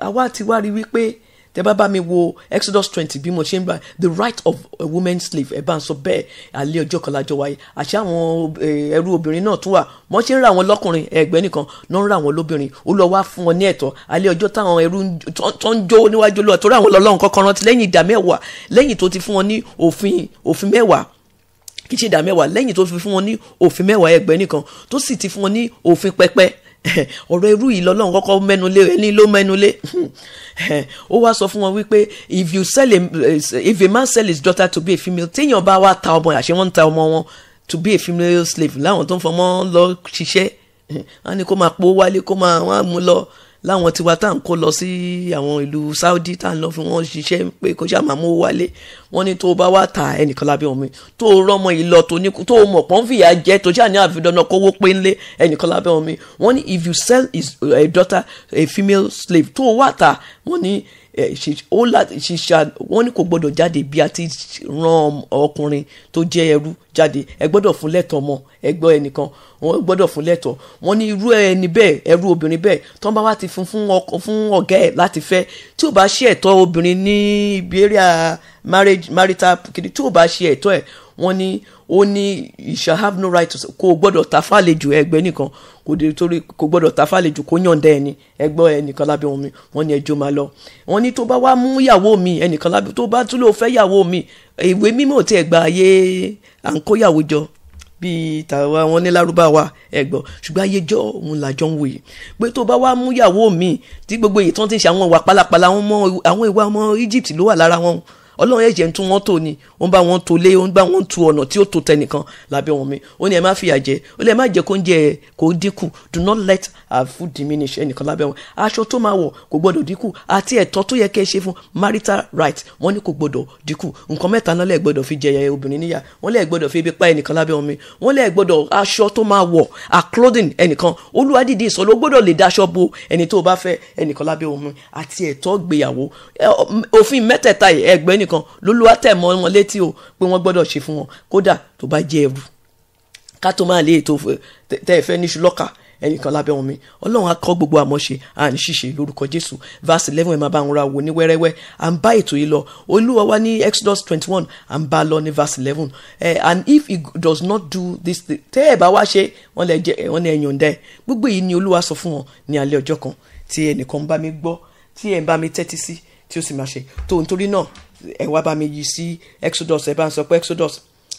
àwa ti wá rí wípé tẹ bá bá mi wo Exodus twenty bí mo ṣe ń bá the right of a woman slave ẹ bá ń sọ bẹ́ẹ̀ alẹ́ ọjọ́ kan lájọ wáyé àṣà àwọn ẹrú obìnrin náà tún wà wọ́n ṣe ń ra àwọn lọ́kùnrin ẹgbẹ́ nìkan náà ń ra àwọn lóbìnrin ó lọ wá fún wọn ní ẹ̀tọ́ alẹ́ ọjọ́ táwọn ẹrú tó ń jó níwájú Olúwa torí àwọn lọ́lọ́run kọ́kọ́ rántí lẹ́yìn ìdá mẹ́wàá lẹ́yìn tó ti fún wọn ní òfin òfin mẹ́wàá kì ṣe ìdá mẹ́wàá lẹ́yìn tó fi fún wọn ní òfin mẹ́wàá ẹgbẹ́ nìkan tó sì ti fún wọn ní òfin pẹ́pẹ́ ọ̀rọ̀ irú yìí lọ́lọ́run kọ́kọ́ mẹ́nulé ẹni ló mẹ́nulé ó wá sọ fún wọn wípé if you sell a if a man sell his daughter to be a female téèyàn bá wá ta ọmọ àṣẹ wọn ń ta ọmọ wọn to be a female slave láwọn tó ń fọmọ lọ ṣiṣẹ́ wọn ni kó máa pọ̀ wálé kó máa wọn mú lọ láwọn tiwa tá à ń kó lọ sí àwọn ìlú Saudi tá à ń lọ fún wọn ṣiṣẹ́ pé kó ṣáà máa mú wálé wọn ní tó bá wà tà ẹnìkan lábẹ́ omi tó rọmọ ìlọ tó ní tó mọ̀ pọ́n fìyà jẹ tó ṣáà ní àfidọ́nà kówó pé ńlé ẹnìkan lábẹ́ omi wọn ní if you sell his, a eh, daughter a female slave tó wà tà wọn ní Eh, ó láti ṣiṣà wọ́n ní kò gbọ́dọ̀ jáde bí a ti rán ọkùnrin tó jẹ́ ẹrú jáde ẹ gbọ́dọ̀ fún lẹ́tọ̀ ọmọ ẹgbọ́ ẹnìkan wọ́n gbọ́dọ̀ fún lẹ́tọ̀ wọ́n ní irú ẹni bẹ́ẹ̀ ẹrú obìnrin bẹ́ẹ̀ tó ń bá wá ti fún fún ọ̀gá ẹ̀ láti fẹ́ tí ò bá ṣe ẹ̀tọ́ obìnrin ní ibi area marital kiri tí ò bá ṣe ẹ̀tọ́ ẹ̀ wọ́n ní ó ní you shall have no right to kò gbọ́dọ̀ ta fàlejò ẹgbẹ́ nìkan kò dé torí kò gbọ́dọ̀ ta fàlejò kò yànda ẹni ẹgbọ́n ẹnìkan lábẹ́ wọn mi wọ́n ní ẹjọ́ máa lọ wọ́n ní tó bá wá mú yàwó mi ẹnìkan lábẹ́ tó bá tún lò fẹ́ yàwó mi ìwé mímọ́ tí ẹ gbà ayé à ń kó yàwó jọ bíi tàwa wọn ní lárúbáwá ẹgbọn ṣùgbọ́n ayéjọ́ òun làjọ ń wòye pé tó bá wá mú yàwó mi tí gbogbo èyí tí wọ́n ti ṣe àwọn ìwà pálapàla àwọn ìwà ọmọ Egypt ló wà lára wọn ọlọ́run ẹ̀jẹ̀ ń tún wọ́n tò ní ó ń bá wọn tò lé ó ń bá wọn tu ọ̀nà tí ó tò tẹnìkan lábẹ́ wọn mi ó ní ẹ má fìyà jẹ ó ní ẹ má jẹ kó ń jẹ kó dínkù do not let our food diminish ẹnìkan lábẹ́ wọn aṣọ tó máa wọ̀ kò gbọ́dọ̀ dínkù àti ẹ̀tọ́ tó yẹ kẹ́ ẹ ṣe fún marital right wọ́n ní kò gbọ́dọ̀ dínkù nǹkan mẹ́ta náà lẹ́ẹ̀ gbọ́dọ̀ fi jẹ obìnrin níyà wọ́n lẹ́ẹ̀ gbọ́dọ̀ fi ebi pa ẹnìkan lábẹ́ wọn mi wọ́n lẹ́ẹ̀ gbọ́dọ̀ aṣọ tó máa wọ̀ a clothing ẹnìkan olúwadìdí ìsọ̀lọ́ gbọ́dọ̀ lè daṣọ bo ẹni tó bá fẹ́ ẹnìkan lábẹ́ wọn mi àti ẹ̀tọ́ gbéyàwó òfin mẹ́tẹ̀ẹ̀ta ẹgbẹ́ nìkan lólúwa tẹ̀ wọn létí o pé wọ́n gbọ́dọ̀ ṣe fún wọn kódà tó bá jẹ́ ẹrù ká tó máa lé ètò tẹ́ ẹ fẹ́ níṣu lọ́kà ẹnìkan lábẹ́ wọn mi ọlọ́run á kọ́ gbogbo àmọ́ṣe àní ṣíṣe lórúkọ jésù verse eleven ẹ̀ máa bá ń ra wò ní wẹ́rẹ́wẹ́ à ń bá ètò yìí lọ olúwa wá ní exodus twenty one à ń bá lọ ní verse eleven and if he does not do this thing tẹ́ ẹ̀ bá wá ṣe wọ́n lè jẹ́ wọ́n ní ẹ̀yàn dẹ́ gbogbo yìí ni olúwa sọ fún wọn ní alẹ́ ọjọ́ kan tí ẹnìkan bá mi gbọ́ tí ẹ̀ ń bá mi tẹ́tí sí tí ó sì máa ṣe tó nítorí náà ẹ wá bá mi yí sí exodus ẹ bá ń sọ pé exodus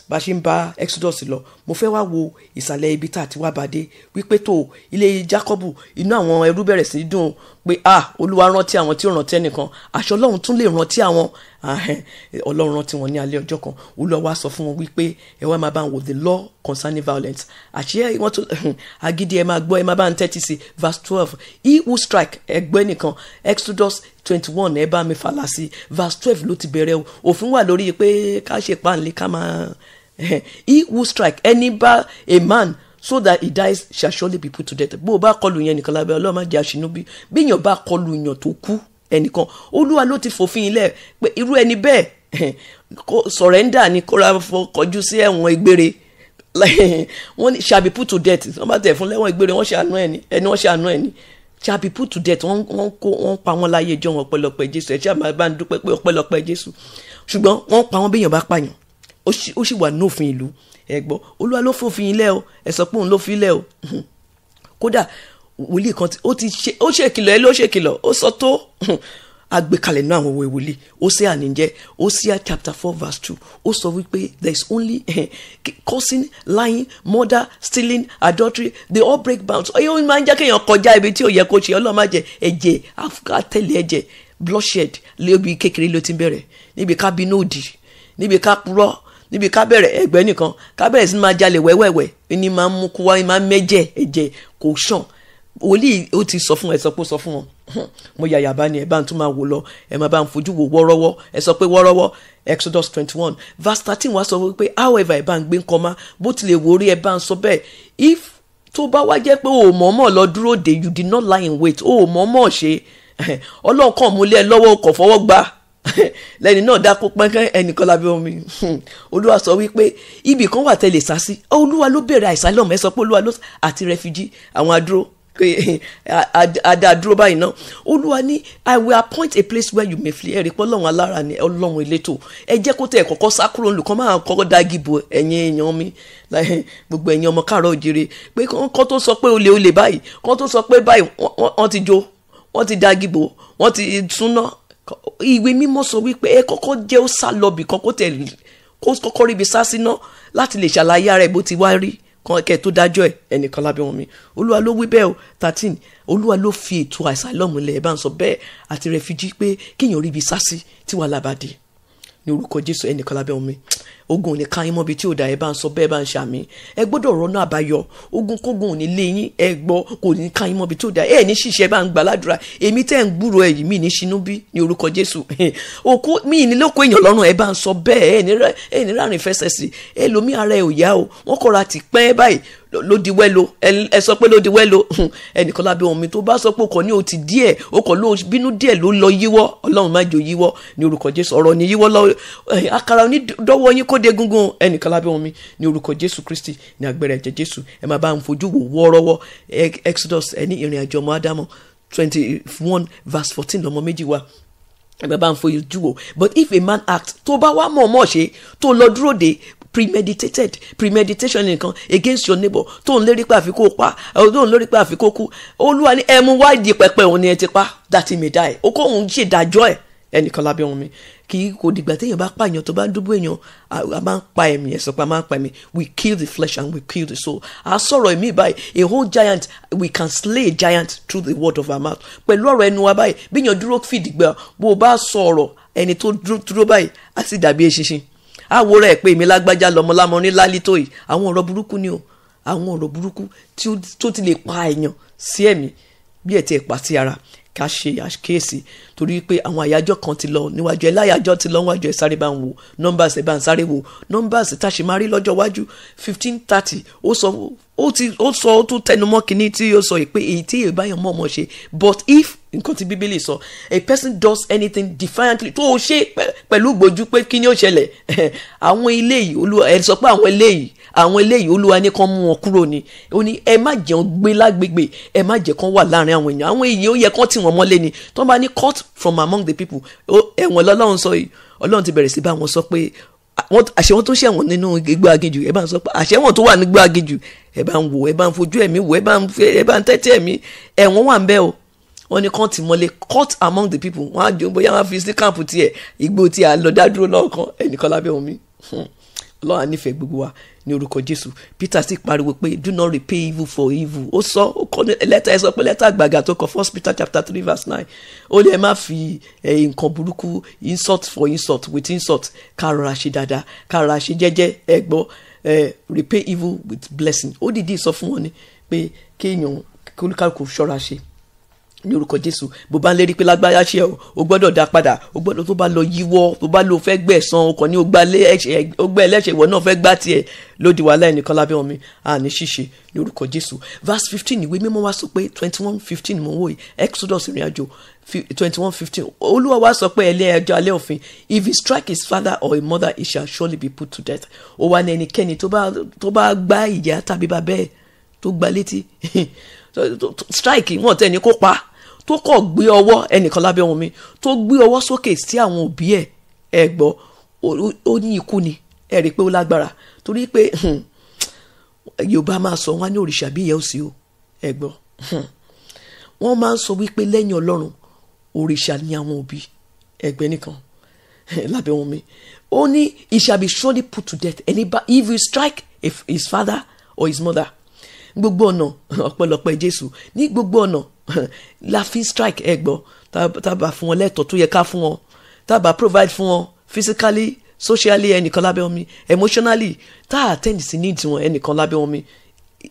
bá ṣe ń bá exodus lọ mo fẹ́ wá wo ìsàlẹ̀ ibi tá a ti wá bàdé wípé tó ilé Jákọ́bù inú àwọn ẹrú bẹ̀rẹ̀ sí dùn pé ah Olúwa rántí àwọn tí ò rántí ẹnìkan àṣọ Ọlọ́run tún lè rántí àwọn Ọlọ́run rántí wọn ní alẹ́ ọjọ́ kan Olúwa sọ fún wọn wípé ẹ wá máa bá wò the law concerning violence àṣẹ wọn tó agídí ẹ máa gbọ́ ẹ máa bá ń tẹ́tí sí verse twelve he who strike ẹgbẹ́ nìkan Exodus twenty one ẹ bá mi fàlà sí verse twelve ló ti bẹ̀rẹ̀ o òfin wà lórí pé ká ṣe páńlé ká máa he will strike any bar a man so that he dies shall surely be put to death bó o bá kọlù yẹn nìkan lábẹ́ ọlọ́run má jẹ́ àṣìnúbí bí èèyàn bá kọlù yẹn tó kú ẹnìkan olúwa ló ti fòfin ilẹ̀ pé irú ẹni bẹ́ẹ̀ sọ̀rẹ́ndà ni kóra kọjú sí ẹ̀wọ̀n ìgbére wọ́n ní shall be put to death wọ́n bá tẹ̀ fún lẹ́wọ̀n ìgbére wọ́n ṣàánú ẹni ẹni wọ́n ṣàánú ẹni shall be put to death wọ́n kó wọ́n pa wọ́n láyé jọ wọn ọpẹ́lọpẹ́ jésù ẹ̀ ṣáà máa bá ń dúpẹ́ pé ọpẹ́lọpẹ́ jésù ṣùgbọ́n wọ́n pa wọ́n bí èèyàn bá pààyàn ó sì wà nófin ìlú ẹ gbọ́ olúwa ló fòfin ilẹ̀ o ẹ sọ pé òun ló fi ilẹ̀ o kódà wòlíì kan ó ti ṣe ó ṣèkìlọ̀ ẹ ló ṣèkìlọ̀ ó sọ tó àgbékalẹ̀ náà àwọn òwe wòlíì Hosea níjẹ́ Hosea chapter four verse two ó sọ wípé there is only eh, cursing lying murder stealing adultery they all break bounds ó yẹ máa ń jẹ́ kéèyàn kọjá ibi tí ò yẹ kó ṣe ọlọ́mọ àjẹ ẹ̀jẹ̀ àtẹ̀lé ẹ̀jẹ̀ bloodshed lébi kékeré ló ti bẹ̀rẹ̀ níbi ká bínú òdì níbi ká purọ́ níbi ká bẹ̀rẹ̀ ẹgbẹ́ nìkan ká bẹ̀rẹ̀ sí máa jalè wẹ́wẹ́wẹ́ ni máa ń mú kó wá ni máa ń mẹ́jẹ̀ ẹ̀jẹ̀ kò sàn wòlíì ó ti sọ fún ẹ sọ pé ó sọ fún wọn mo yàyà bá ní ẹ bá ń tún máa wò lọ ẹ máa bá ń fojú wò wọ́rọ́wọ́ ẹ sọ pé wọ́rọ́wọ́ Exodus twenty one verse thirteen wá sọ wípé however ẹ bá ń gbé nǹkan má bó tilẹ̀ wò rí ẹ bá ń sọ bẹ́ẹ̀ if tó bá wá jẹ́ pé o ò mọ̀ọ́mọ̀ lọ dúró de you did not lie in wait o ò mọ̀ọ́mọ̀ ṣe ọlọ́ọ̀kan mú lé ẹ lọ́wọ́ ọkọ̀ fọwọ́ gbà lẹ́ni náà dákú pẹ́ńkẹ́ ẹnìkan lábẹ́ omi hmm. olúwa sọ wípé ibì kan wà tẹ́lẹ̀ sá sí olúwa ló bẹ̀rẹ̀ àìsálọ̀mù ẹ sọ pé olúwa ló àti rẹfijì àwọn adúró adádúró báyìí náà olúwa ní i will appoint a place where you may flee ẹ̀rí pé ọlọ́run alára ni ọlọ́run elétò ẹ jẹ́ kó tẹ̀ kọ́kọ́ sá kúrò nílùú kan máa kọ́kọ́ dá gìbò ẹ̀yin èèyàn mi gbogbo ẹ̀yin ọmọ káàárọ̀ òjìrè pé kọ́ tó sọ pé olè olè báyìí kọ́ tó sọ pé báyìí wọ́n ti jó wọ́n ti dá gìbò wọ́n ti súná ìwé mímọ́ sọ wípé ẹ kọ́kọ́ jẹ́ ó sá lọ bì kan kó tẹ̀ kó kọ́kọ́ ríbi sá síná láti lè ṣàlàyé ara ẹ̀ bó ti wá rí kan kẹ́ tó dájọ́ ẹ̀ ẹnìkan lábẹ́ wọn mi olúwa ló wí bẹ́ẹ̀ o thirteen olúwa ló fi ètò àìsàlọ́mù lẹ̀ ẹ̀ bá ń sọ bẹ́ẹ̀ àti rẹ̀fíjì pé kéèyàn ríbi sá sí tí wàá lábàdì ní orúkọ jésù ẹnìkan lábẹ́ wọn mi ogun ò ní ká yín mọ́bi tí ò dá ẹ bá ń sọ bẹ́ẹ̀ bá ń ṣàmì ẹ gbọ́dọ̀ rọ́nà àbáyọ ogun kógun ò ní lé yín ẹ gbọ́ kò ní ká yín mọ́bi tí ò dá ẹ ní ṣiṣẹ́ bá ń gbà ládùúrà èmi tẹ́ ń gbúrò ẹ̀yìn mi ní sinú bí ní orúkọ Jésù òkú mi ní lóko èèyàn lọ́rùn ẹ bá ń sọ bẹ́ẹ̀ ẹ ní rárín fẹsẹ̀ sí ẹlòmí ara ẹ ò yá o wọ́n kọ́ra ti pẹ́ báyìí lódi wẹ́lo ẹ sọ pé lódi wẹ́lo ẹnìkan lábẹ́ omi tó bá sọ pé o ní o ti díẹ̀ o kàn ló bínú díẹ̀ ló lọ yíwọ́ ọlọ́run má jò yíwọ́ ní orúkọ jésù ọ̀rọ̀ ní yíwọ́ lọ́wọ́ àkàrà onídọ́wọ́ yín kó de gúngún ẹnìkan lábẹ́ omi ní orúkọ jésù kristi ní agbára ẹ̀jẹ̀ jésù ẹ máa bá ń fojú wò wọ́ọ́rọ́wọ́ exodus ẹni ìrìn àjò ọmọ ádámù twenty one verse fourteen lọ́mọ méjì but if a man act tó bá wá mọ̀ ọmọ ṣe premeditated premeditation nìkan against your neighbor tó ń lérí pé àfi kó pa tó ń lérí pé àfi kó kú olúwa ni ẹ mú wá ìdí pẹpẹ òun ni ẹ ti pa that he may die ó kó òun ṣe ìdájọ́ ẹ ẹnìkan lábẹ́ ohun mi kì í kò dìgbà téèyàn bá pààyàn tó bá ń dúbò èèyàn a máa ń pa ẹ̀mí ẹ̀sìn pa a máa ń pa ẹ̀mí we kill the flesh and we kill the soul a sọ̀rọ̀ ẹ̀mí báyìí a whole giant we can slay a giant through the word of our mouth pẹ̀lú ọ̀rọ̀ ẹnu wa báyìí bí èèyàn dúró fìdí gbà bó o bá sọ ọ̀rọ̀ ẹni tó dúró báyìí á sì dàbí eṣinṣin àwòrán ẹ̀ pé èmi lágbájá lọmọ lámọ ní lálító yìí àwọn ọ̀rọ̀ burúkú ni o àwọn ọ̀rọ̀ burúkú tó ti lè pa èèyàn sí ẹ̀mí bí ẹ̀ ti ẹ̀ pa sí ara ká ṣe àkíyèsí torí pé àwọn àyájọ́ kan ti lọ níwájú ẹ láyàjọ́ ti lọ níwájú ẹ sáré bá ń wo numbers ẹ bá ń sáré wo numbers tá a ṣe máa rí lọ́jọ́ iwájú fifteen thirty ó sọ ó ti ó sọ ó tún tẹnumọ́ kínní tí ó sọ pé èyí tí èyí báyọ̀ mọ̀ ọmọ ṣe but if nǹkan tí bíbélì sọ a person does anything defiantly tó o ṣe pẹ̀lú gbójú pé kí ni ó ṣẹlẹ̀ àwọn ilé yìí olúwa ẹ sọ pé àwọn ilé yìí àwọn eléyìí olúwa ní kán mú wọn kúrò ni ó ní ẹ má jẹ́ wọn gbé lágbègbè ẹ má jẹ́ kán wà láàrin àwọn èèyàn àwọn èèyàn ó yẹ kán tì wọ́n mọ́lé ni tó bá ní cut from among the people ẹ̀wọ̀n lọ́lọ́run sọ yìí ọlọ́run ti bẹ̀rẹ̀ sí bá wọn sọ pé àṣẹ wọn tó ṣẹ̀wọ̀n nínú igbó aginjù ẹ bá ń sọ pé àṣẹ wọn tó wà nígbó aginjù ẹ bá ń wò ẹ bá ń fojú ẹ̀mí wò ẹ bá ń tẹ́tí ẹ̀mí ẹ̀wọ̀n wà ń bẹ́ o wọ́n ní kàn tí mọ́lé cut among the people wọ́n á jọ bóyá wọ́n á fi sí káàpù tiẹ̀ igbó tí a lọ dá dúró lọ́ọ̀kan ẹnìkan lábẹ́ omi hmm. ọlọ́run á nífẹ̀ẹ́ gbogbo wa ní orúkọ jésù peter sì pariwo pé do not repay evil for evil ó sọ ó kọ lẹ́tà ẹ sọ pé lẹ́tà gbàgà tó kọ first peter chapter three verse nine ó ní ẹ má fi nǹkan burúkú insult for insult with insult ká rọra ṣe dáadáa ká ṣe jẹ́jẹ́ ẹ repay evil with blessing ó dìídì sọ fún wọn ni pé kéèyàn kí olúkálùkù ṣọ́ra ṣe ní orúkọ jésù bó bá ń lérí pé lágbára ṣe ọ o gbọ́dọ̀ dá padà o gbọ́dọ̀ tó bá lọ yíwọ́ tó bá lọ fẹ́ gbẹ̀san o kàn ní ogbà ẹlẹ́ṣẹ̀ ìwọ náà fẹ́ gbá tiẹ̀ lódì wàhálà ẹnìkan lábẹ́ omi àní ṣíṣe ní orúkọ jésù verse fifteen ìwé mímọ́ wa sọ pé twenty one fifteen mò ń yìí exodus ìrìn àjò twenty one fifteen olúwa wa sọ pé ẹlẹ́ ẹjọ́ alẹ́ òfin if he strike his father or his mother he shall surely be put to death ó wà ní ẹnikẹ́ni tó bá gbá ìyá tàbí bàbá ẹ̀ tó gbá létí strike wọn tẹ̀ ní kó pa tó kọ̀ gbé ọwọ́ ẹnìkan lábẹ́ ohun mi tó gbé ọwọ́ sókè sí àwọn òbí ẹ̀ ẹ̀ gbọ́ ó ní ikú ni ẹ̀ rí i pé ó lágbára torí pé hmm, yorùbá máa sọ wọn ní òrìṣà bí ìyẹ́ òsì o ẹ̀ gbọ́ hmm, wọ́n máa ń sọ wípé lẹ́yìn ọlọ́run òrìṣà ni àwọn òbí ẹgbẹ́ nìkan lábẹ́ ohun mi ó ní he shall be surely put to death any if he strike his father or his mother gbogbo ọ̀nà ọ̀pọ̀lọpọ̀ jésù ní gbogbo ọ̀nà la fi strike ẹ gbọ́ tábà fún wọn lẹ́tọ̀ọ́ tó yẹ ká fún wọn tábà provide fún wọn physically socially ẹnìkan lábẹ́ wọn mi emotionally tá attend sí ní ìtiwọn ẹnìkan lábẹ́ wọn mi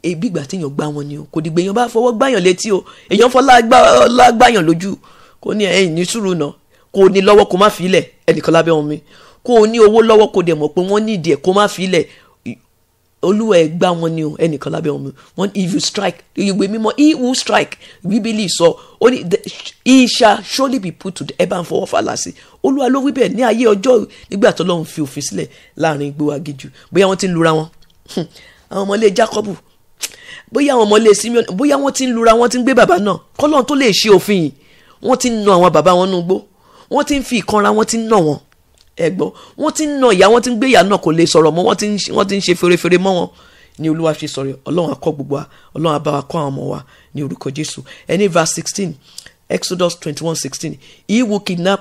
ebi ìgbà téèyàn gbá wọn ni o kò dìgbà èèyàn bá fọwọ́ gbáyàn létí o èèyàn fọ́ lágbáyàn lójú kò ní ẹ̀yìn ní sùúrù náà kò ní lọ́wọ́ kó má fi ilẹ̀ ẹnìkan lábẹ́ wọn mi kó o ní owó lọ́wọ́ kó dẹ̀ mọ̀ pé wọ́n ní ìdí ẹ̀ kó má fi ilẹ̀ olúwa ẹ gbá wọn ni o ẹnìkan lábẹ́ wọn wọn if you strike ìwé mímọ́ he who strike bíbélì sọ ó ní he shall surely be put to the ebb and fọwọ́ falasi olúwa ló wí bẹ́ẹ̀ ní ayé ọjọ́ nígbà tó lọ́run fi òfin sílẹ̀ láàrin igbó aginjù bóyá wọ́n ti ń lura wọn hmm. àwọn ọmọlé Jacob bóyá àwọn ọmọlé Simeon bóyá wọ́n ti ń lura wọ́n ti ń gbé bàbá náà kọ́lọ́n tó lè ṣe òfin yìí wọ́n ti ń na àwọn bàbá wọn nú gbó wọ́n ti ń fi ìkanra wọ́n ti ń nà wọ́n ẹ̀gbọ́n wọ́n ti ń na ìyá wọ́n ti ń gbé ìyá náà kò lè sọ̀rọ̀ mọ́ wọ́n ti ń ṣe ferefere mọ́ wọn ni olúwa ṣe sọ̀rọ̀ ọlọ́run akọ́ gbogbo wa ọlọ́run abá wa kọ́ àwọn ọmọ wa ní orúkọ jésù ẹni verse sixteen exodus twenty one sixteen he will kidnap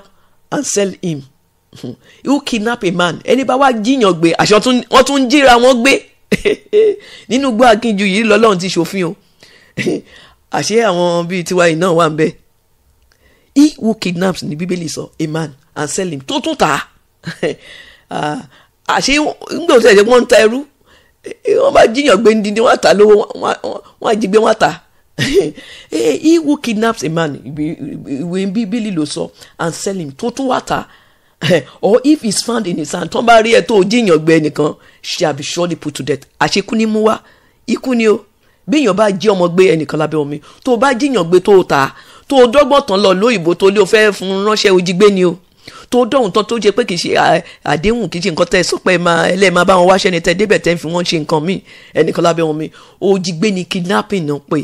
and sell him he will kidnap a man ẹni bá wá jíyàn gbé àṣọ wọ́n tún ń jíra wọn gbé nínú gbọ́ akínjú yìí lọ́lọ́run ti ṣòfin o àṣé àwọn bíi tiwa yìí náà wà ń bẹ he will kidnap ni bíbélì sọ a man and sell him tó tún tà á àṣé ah, nígbà tó ṣe wọ́n ń ta ẹrú eh, wọ́n bá jíyàn gbé ndíndín wọ́n á ta lówó wọ́n á jí gbé wọ́n á ta eh, he who kidnaps a man ìwé bíbélì ló sọ and sell him tó tún wá ta or if he is found in his hand tó ń bá rí ẹ tó jíyàn gbé ẹnìkan shall be surely put to death àṣekú ni mú wá ikú ni o béèyàn bá jí ọmọ gbé ẹnìkan lábẹ́ omi tó o bá jíyàn gbé tó ta tó o lọ lóyìnbó tó lé o fẹ́ fún ránṣẹ́ ojígbé ni o tó dọ̀hún tán tó jẹ́ pé kì í ṣe àdéhùn kì í ṣe nǹkan tẹ́ ẹ sọ pé ẹ máa ẹlẹ́ẹ̀ máa bá wọn wáṣẹ́ ni tẹ́ ẹ débẹ̀ tẹ́ ẹ fi wọ́n ṣe nǹkan míì ẹnìkan lábẹ́ wọn mi òjì gbé ni kidnapping náà pé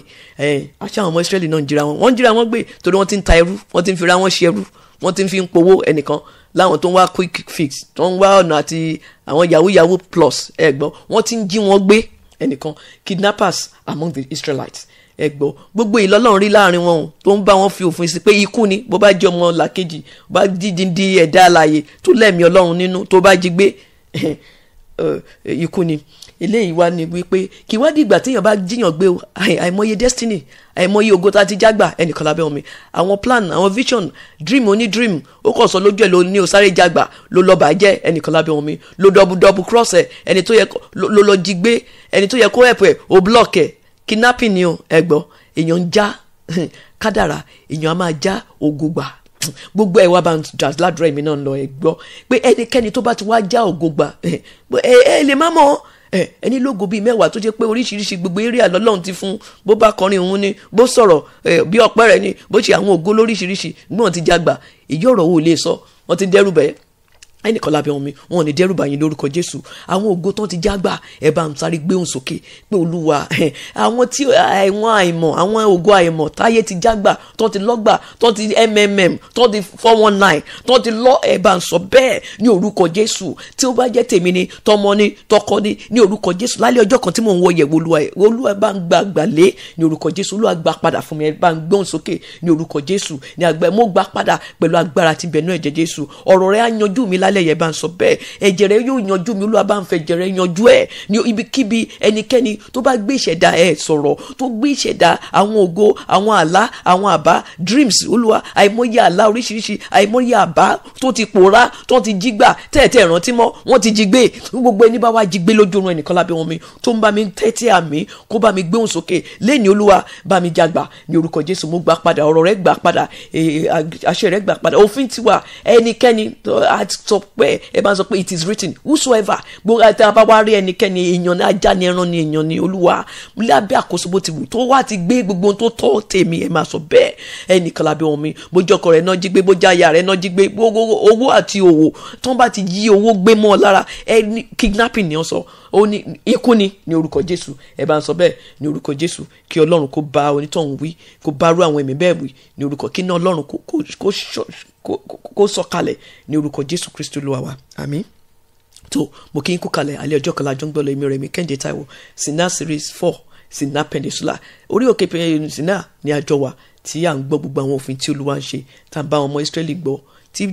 ẹ àṣà àwọn ọmọ Ísírẹ́lì náà ń jira wọn wọ́n ń jira wọn gbé torí wọ́n ti ń ta ẹrú wọ́n ti ń fira wọn ṣe ẹrú wọ́n ti ń fi ń powó ẹnìkan láwọn tó ń wá quick fix tó ń wá ọ̀nà àti àwọn yahoo yahoo plus ẹ gbọ́ wọ́n ti ń jí wọn gbé ẹnìkan kidnappers among the Israelites ẹ gbọ́ gbogbo ìlọ́lọ́run rí láàrin wọn tó ń bá wọn fi òfin sí pé ikú ni bó bá jẹ́ ọmọ làkejì bó bá jíjí di ẹ̀dá alààyè tó lẹ́mìí ọlọ́run nínú tó bá jí gbé eh, ikú ni eléyìí wá ní wípé kí wá dìgbà téèyàn bá jíyàn gbé o àìmọye destiny àìmọye ògo tá a ti jágbà ẹnìkan lábẹ́ omi àwọn plan àwọn vision dream oní dream ó kàn sọ lójú ẹ̀ ló ní o sáré jágbà ló lọ́ọ́ bàjẹ́ ẹnìkan lábẹ́ omi ló double double cross ẹ̀ ẹni tó yẹ ló lọ jí gbé ẹni tó yẹ kó help ẹ̀ block ẹ̀ kidnapping ni o ẹ gbọ́ èèyàn ń já kádàrà èèyàn á máa já ògo gbà gbogbo ẹ wá bá ń jà ládùúrà èmi náà ń lọ ẹ gbọ́ pé ẹnikẹ́ni tó bá ti wá já ògo ẹ ẹ lè má mọ̀ ẹni lógo bíi mẹ́wàá tó jẹ́ pé oríṣiríṣi gbogbo area lọ́lọ́run ti fún bó bá kọrin òun ni bó sọ̀rọ̀ bí ọpẹ́ rẹ̀ ni bó ṣe àwọn ògo lóríṣiríṣi gbọ́n ti jágbà ìyọ̀rọ̀ wo lè sọ wọ́n ti dẹ́rù bẹ́ẹ̀ ẹnìkan lábẹ́ wọn mi wọn ò ní dẹ́rùbà yín lórúkọ jésù àwọn ògo tán ti jágbà ẹ bá ń sáré gbé òun sókè pé olúwa àwọn tí àwọn àìmọ̀ àwọn ògo àìmọ̀ táyé ti jágbà tán ti lọ́gbà tán ti mmm tán ti four one nine tán ti lọ ẹ bá ń sọ bẹ́ẹ̀ ní orúkọ jésù tí ó bá jẹ́ tèmi ni tọmọ ni tọkọ ni ní orúkọ jésù lálẹ́ ọjọ́ kan tí mò ń wọ yẹ̀wò olúwa olúwa bá ń gba àgbàlé ní orúkọ jésù olúwa gba padà fún mi baálẹ̀ yẹn bá ń sọ bẹ́ẹ̀ ẹ̀jẹ̀ rẹ yóò yanjú mi olúwa bá ń fẹ́ ẹ̀jẹ̀ rẹ yanjú ẹ̀ ní ibikíbi ẹnikẹ́ni tó bá gbé ìṣẹ̀dá ẹ̀ sọ̀rọ̀ tó gbé ìṣẹ̀dá àwọn ògo àwọn àlá àwọn àbá dreams olúwa àìmọye àlá oríṣiríṣi àìmọye àbá tó ti pòórá tó ti jí tẹ́ẹ̀tẹ́ ìrántí mọ́ wọ́n ti jí gbé gbogbo ẹni bá wá jí gbé lójú oorun ẹnìkan lábẹ́ wọn mi tó pé ẹ bá ń sọ pé it is written whosoever gbogbo àti àwọn abáwá rí ẹnikẹ́ni èèyàn ní ajá ni ẹran ni èèyàn ni olúwa lábẹ́ àkóso bó ti wù tó wá ti gbé gbogbo ohun tó tọ́ tèmi ẹ máa sọ bẹ́ẹ̀ ẹnìkan lábẹ́ wọn mi bójú ọkọ rẹ̀ náà jí gbé bójú aya rẹ̀ náà jí gbé gbogbo owó àti òwò tó ń bá ti yí owó gbé mọ́ ọ lára ẹni kidnapping ni wọ́n sọ ó ní ikú ni ní orúkọ jésù ẹ bá ń sọ bẹ́ẹ̀ ní orúkọ jésù kí ọlọ́run kó bá onítọ̀hún wí kó bá rú àwọn ẹ̀mí bẹ́ẹ̀ wí ní orúkọ kí iná ọlọ́run kó sọ̀kalẹ̀ ní orúkọ jésù kristu ló wà wá tó mo kí n kú kalẹ̀ alẹ́ ọjọ́ kan lájọ́ ń gbọ́ lọ èmi rẹ̀ mi kẹ́hìndé táíwò sinna series four sinna peninsula orí òkè sinna ni àjọ wa tí à ń gbọ́ gbogbo àwọn òfin tí olúwa ń ṣe tá à ń bá ọmọ israẹli gbọ́ tí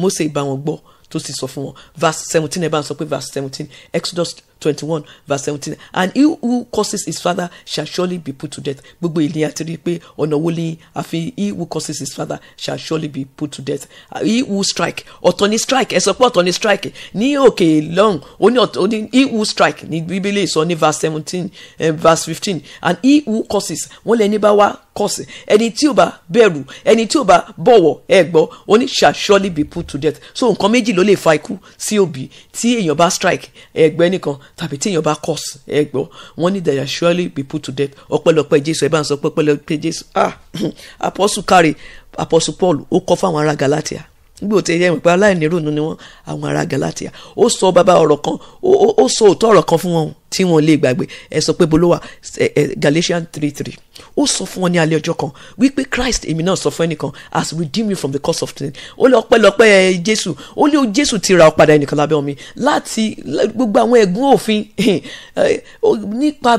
mose bá wọn gbọ́ tó sì sọ fún wọn verse seventeen ẹ bá ń sọ pé verse seventeen exodus twenty-one verse seventeen and he who causes his father shall surely be put to death gbogbo ìlẹ̀ àti rí i pé ọ̀nà wo ni àfi he who causes his father shall surely be put to death uh, he who strike ọ̀tọ̀ ni strike ẹ sọ pé ọ̀tọ̀ ni strike ní òkè lọ́hùn ó ní ọ̀tọ̀ ní he who strike ní bíbélì sọ ní verse seventeen eh, verse fifteen and he who causes wọ́n lẹ́ni bá wá curse ẹni tí ò bá bẹ̀rù ẹni tí ò bá bọ̀wọ̀ ẹ gbọ́ ó ní shall surely be put to death so nǹkan méjì ló lè fa ikú sí òbí tí èèyàn bá strike ẹgbẹ́ nìkan tàbí tí èèyàn bá curse ẹ gbọ́ wọ́n ní they are surely be put to death ọpẹ́lọpẹ́ jésù ẹ bá ń sọ ọpẹ́lọpẹ́ jésù ah apostle kari apostle paul ó kọ́ fáwọn ará galatia nígbà tí ẹyẹ ìpè aláìní ronú ni wọn àwọn ará galatia ó sọ bàbá ọ̀rọ̀ kan ó sọ òótọ́ ọ̀rọ̀ kan fún wọn tí wọn lè gbàgbé ẹ sọ pé bolówà ẹ Galatians three three ó sọ fún wọn ní alẹ́ ọjọ́ kan wípé Christ èmi náà sọ fún ẹnìkan has redeemed you from the cost of sin ó lè ọpẹ́lọpẹ́ Jésù ó lè Jésù ti ra ọ̀padà ẹnìkan lábẹ́ omi láti gbogbo àwọn ẹ̀gún òfin nípa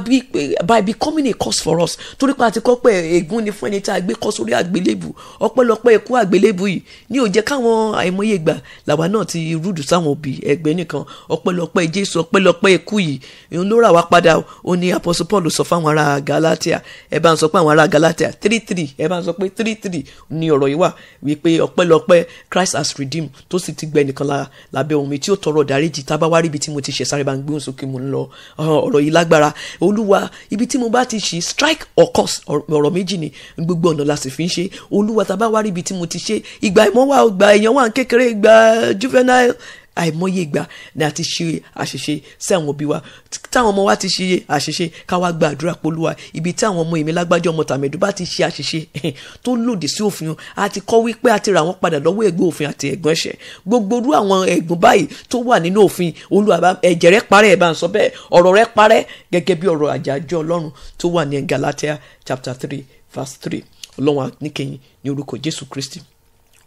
by becoming a cost for us torí pé a ti kọ́ pé ègún ni fún ẹni tí a gbé kọ́ sórí àgbélébù ọpẹ́lọpẹ́ ikú àgbélébù yìí ni ò jẹ́ káwọn àìmọye gbà làwa náà ti rúdù sáwọn òbí ẹgbẹ́ nìkan ọpẹ́lọpẹ́ Jésù ọpẹ́lọpẹ́ ikú yìí òun ló rà wá padà ó ní apostle paul sọ fáwọn ará galatia ẹ bá ń sọ pé àwọn ará galatia three three ẹ bá ń sọ pé three three ni ọ̀rọ̀ yìí wà wípé ọpẹ́lọpẹ́ christ has redeemed tó sì ti gbẹ nìkan lábẹ́ omi tí ó tọrọ dáríjì tá a bá wá rí ibi tí mo ti ṣẹ̀ sáré bá ń gbóhùn sókè mo ń lọ ọ̀rọ̀ yìí lágbára olúwa ibi tí mo bá ti ṣe strike or curse ọ̀rọ̀ méjì ni gbogbo ọ̀nà la sì fi ń ṣe olúwa tá a bá wá rí ibi tí mo ti ṣe ìgbà ìmọ̀ wà ìgbà èèyàn wà kékeré ìgbà juvenile àìmọye ìgbà ni a ti ṣe àṣìṣe sí àwọn òbí wa táwọn ọmọ wa ti ṣe àṣìṣe káwa gba àdúrà polúwa ibi tí àwọn ọmọ èmi lágbájọ ọmọ tàmẹ̀dù bá ti ṣe àṣìṣe tó lòdì sí òfin a ti kọ́ wípé a ti rà wọ́n padà lọ́wọ́ ègbé òfin àti ẹ̀gbọ́n ẹ̀ṣẹ̀ gbogbo orú àwọn ẹ̀gbọ́n báyìí tó wà nínú òfin olúwa ẹ̀jẹ̀ rẹ parẹ́ ẹ̀ bá ń sọ bẹ́ẹ̀ ọ̀rọ̀ rẹ parẹ́ gẹ́gẹ́ bí ọ̀rọ̀ àjàjọ́ ọlọ́run tó wà ní chapter three verse three ọlọ́run àníkẹyìn ní orúkọ Jésù Kristi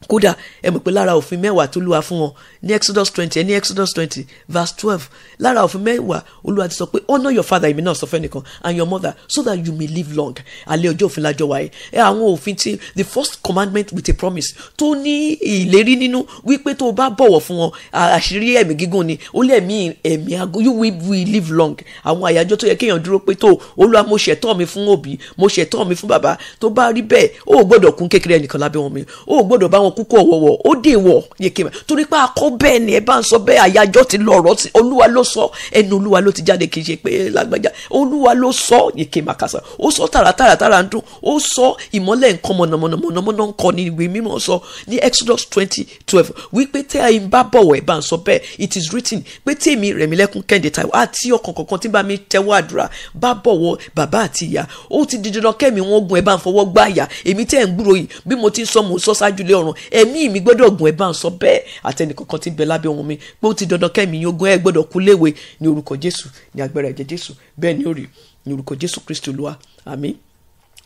kódà ẹ mọ̀ pé lára òfin mẹ́wàá tó lúwa fún wọn ní exodus twenty ẹ ní exodus twenty verse twelve lára òfin mẹ́wàá olúwa ti sọ pé honour your father èmi náà sọ fẹ́ nìkan and your mother so that you may live long alẹ́ ọjọ́ òfin lájọ wáyé ẹ àwọn òfin ti the first commandment with a promise tó ní ìlérí nínú wípé tó o bá bọ̀wọ̀ fún wọn àṣírí ẹ̀mí gígùn ni ó lé ẹ̀mí ẹ̀mí ago you will, will live long àwọn àyájọ́ tó yẹ kéèyàn dúró pé tó olúwa mo ṣẹ̀tọ́ mi fún òbí mo ṣẹ̀tọ́ mi fún bàbá tó bá rí bẹ́ẹ̀ o ò gbọ́dọ̀ kún kékeré ẹnìkan lábẹ́ wọn mi o gbọ́dọ̀ bá wọn kúkú ọ̀wọ̀wọ̀ ó dè wọ̀ yèkémà torí pé akọ bẹ́ẹ̀ ni ẹ bá ń sọ bẹ́ẹ̀ àyájọ́ ti lọ ọ̀rọ̀ ti olúwa ló sọ ẹnu olúwa ló ti jáde kì í ṣe pé lágbájá olúwa ló sọ yèkémà kásá ó sọ tààràtààrà tààrà ń dún ó sọ ìmọ́lẹ̀ nǹkan mọ̀nàmọ́nà mọ̀nàmọ́nà ń ní ìwé mímọ́ sọ ní Exodus twenty twelve wípé tẹ́ ẹ bá bọ̀wọ̀ ẹ bá ń sọ bẹ́ẹ̀ it is written pé tèmi Rẹ̀mílẹ́kún Kẹ́hìndé Táíwò àti ọkàn kọ̀ọ̀kan tí bá mi tẹ́wọ́ àdúrà bá bọ̀wọ̀ bàbá àti ìyá ó ti di dandan kẹ́mi wọn gun ẹ bá ń fọwọ́ gbá àyà èmi tẹ́ ẹ̀ ń gbúròyìn bí mo ti ń sọ mò sọ ṣáájú lé ọ̀run ẹ̀mí mi gbọ́dọ̀ gùn ẹ̀ bá ń sọ bẹ́ẹ̀ àtẹnìkọ̀kan ti bẹ lábẹ́ ohun mi pé ó ti dandan kẹ́mi yín ogún ẹ̀ gbọ́dọ̀ kú léwe ní orúkọ Jésù ní agbára ẹ̀jẹ̀ Jésù bẹ́ẹ̀ ni ó rí ní orúkọ Jésù Kristi Olúwa àmín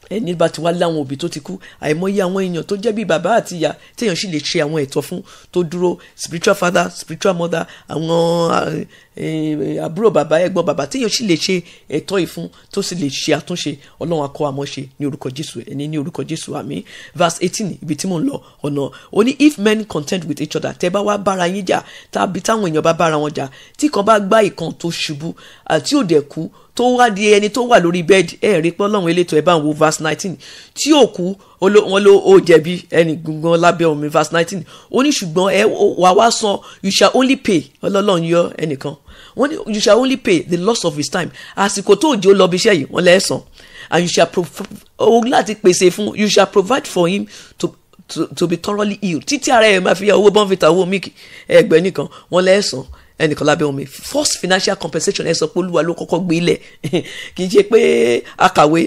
ẹni bá ti wá láwọn òbí tó ti kú àìmọye àwọn èèyàn tó jẹ́ bí bàbá àti ìyá téèyàn sì lè ṣe àwọn ẹ̀tọ́ fún tó dúró spiritual father spiritual mother àwọn eh, eh, àbúrò bàbá ẹ̀gbọ́n bàbá téèyàn sì lè ṣe ẹ̀tọ́ ìfún tó sì lè ṣe àtúnṣe ọlọ́run akọ àmọ́ṣe ní orúkọ jésù ẹni ní orúkọ jésù àmín verse eighteen ibi tí mò ń lọ ọ̀nà ó ní if men content with each other tẹ́ bá wá bára yín jà tàbí táwọn èèyàn bá bára wọn jà tí kan bá gbá ìkan tó ṣubú àti òdẹ̀kú tó wá di ẹni tó wà lórí bẹ́ẹ̀dì ẹ̀ rí pé ọlọ́run elétò ẹ̀ bá ń wo verse nineteen tí ò kú wọn ló ó jẹ̀bi ẹni gbọ̀ngàn lábẹ́ omi verse nineteen ó ní ṣùgbọ́n ẹ wà wá san you shall only pay ọlọ́run yọ ẹnìkan wọ́n ní you shall only pay the loss of his time àsìkò tó òjò lọ bí iṣẹ́ yìí wọ́n lẹ́ san and you shall owó láti pèsè fún you shall provide for him to to, to be thoroughly healed títí ara ẹ̀ máa fi owó bọ́ǹfìtà owó mílíkì ẹgbẹ́ nìkan wọ́n lẹ́ san ẹnìkan lábẹ́ omi first financial compensation ẹ sọ pé olúwa ló kọ́kọ́ gbé ilẹ̀ kì í ṣe pé akàwé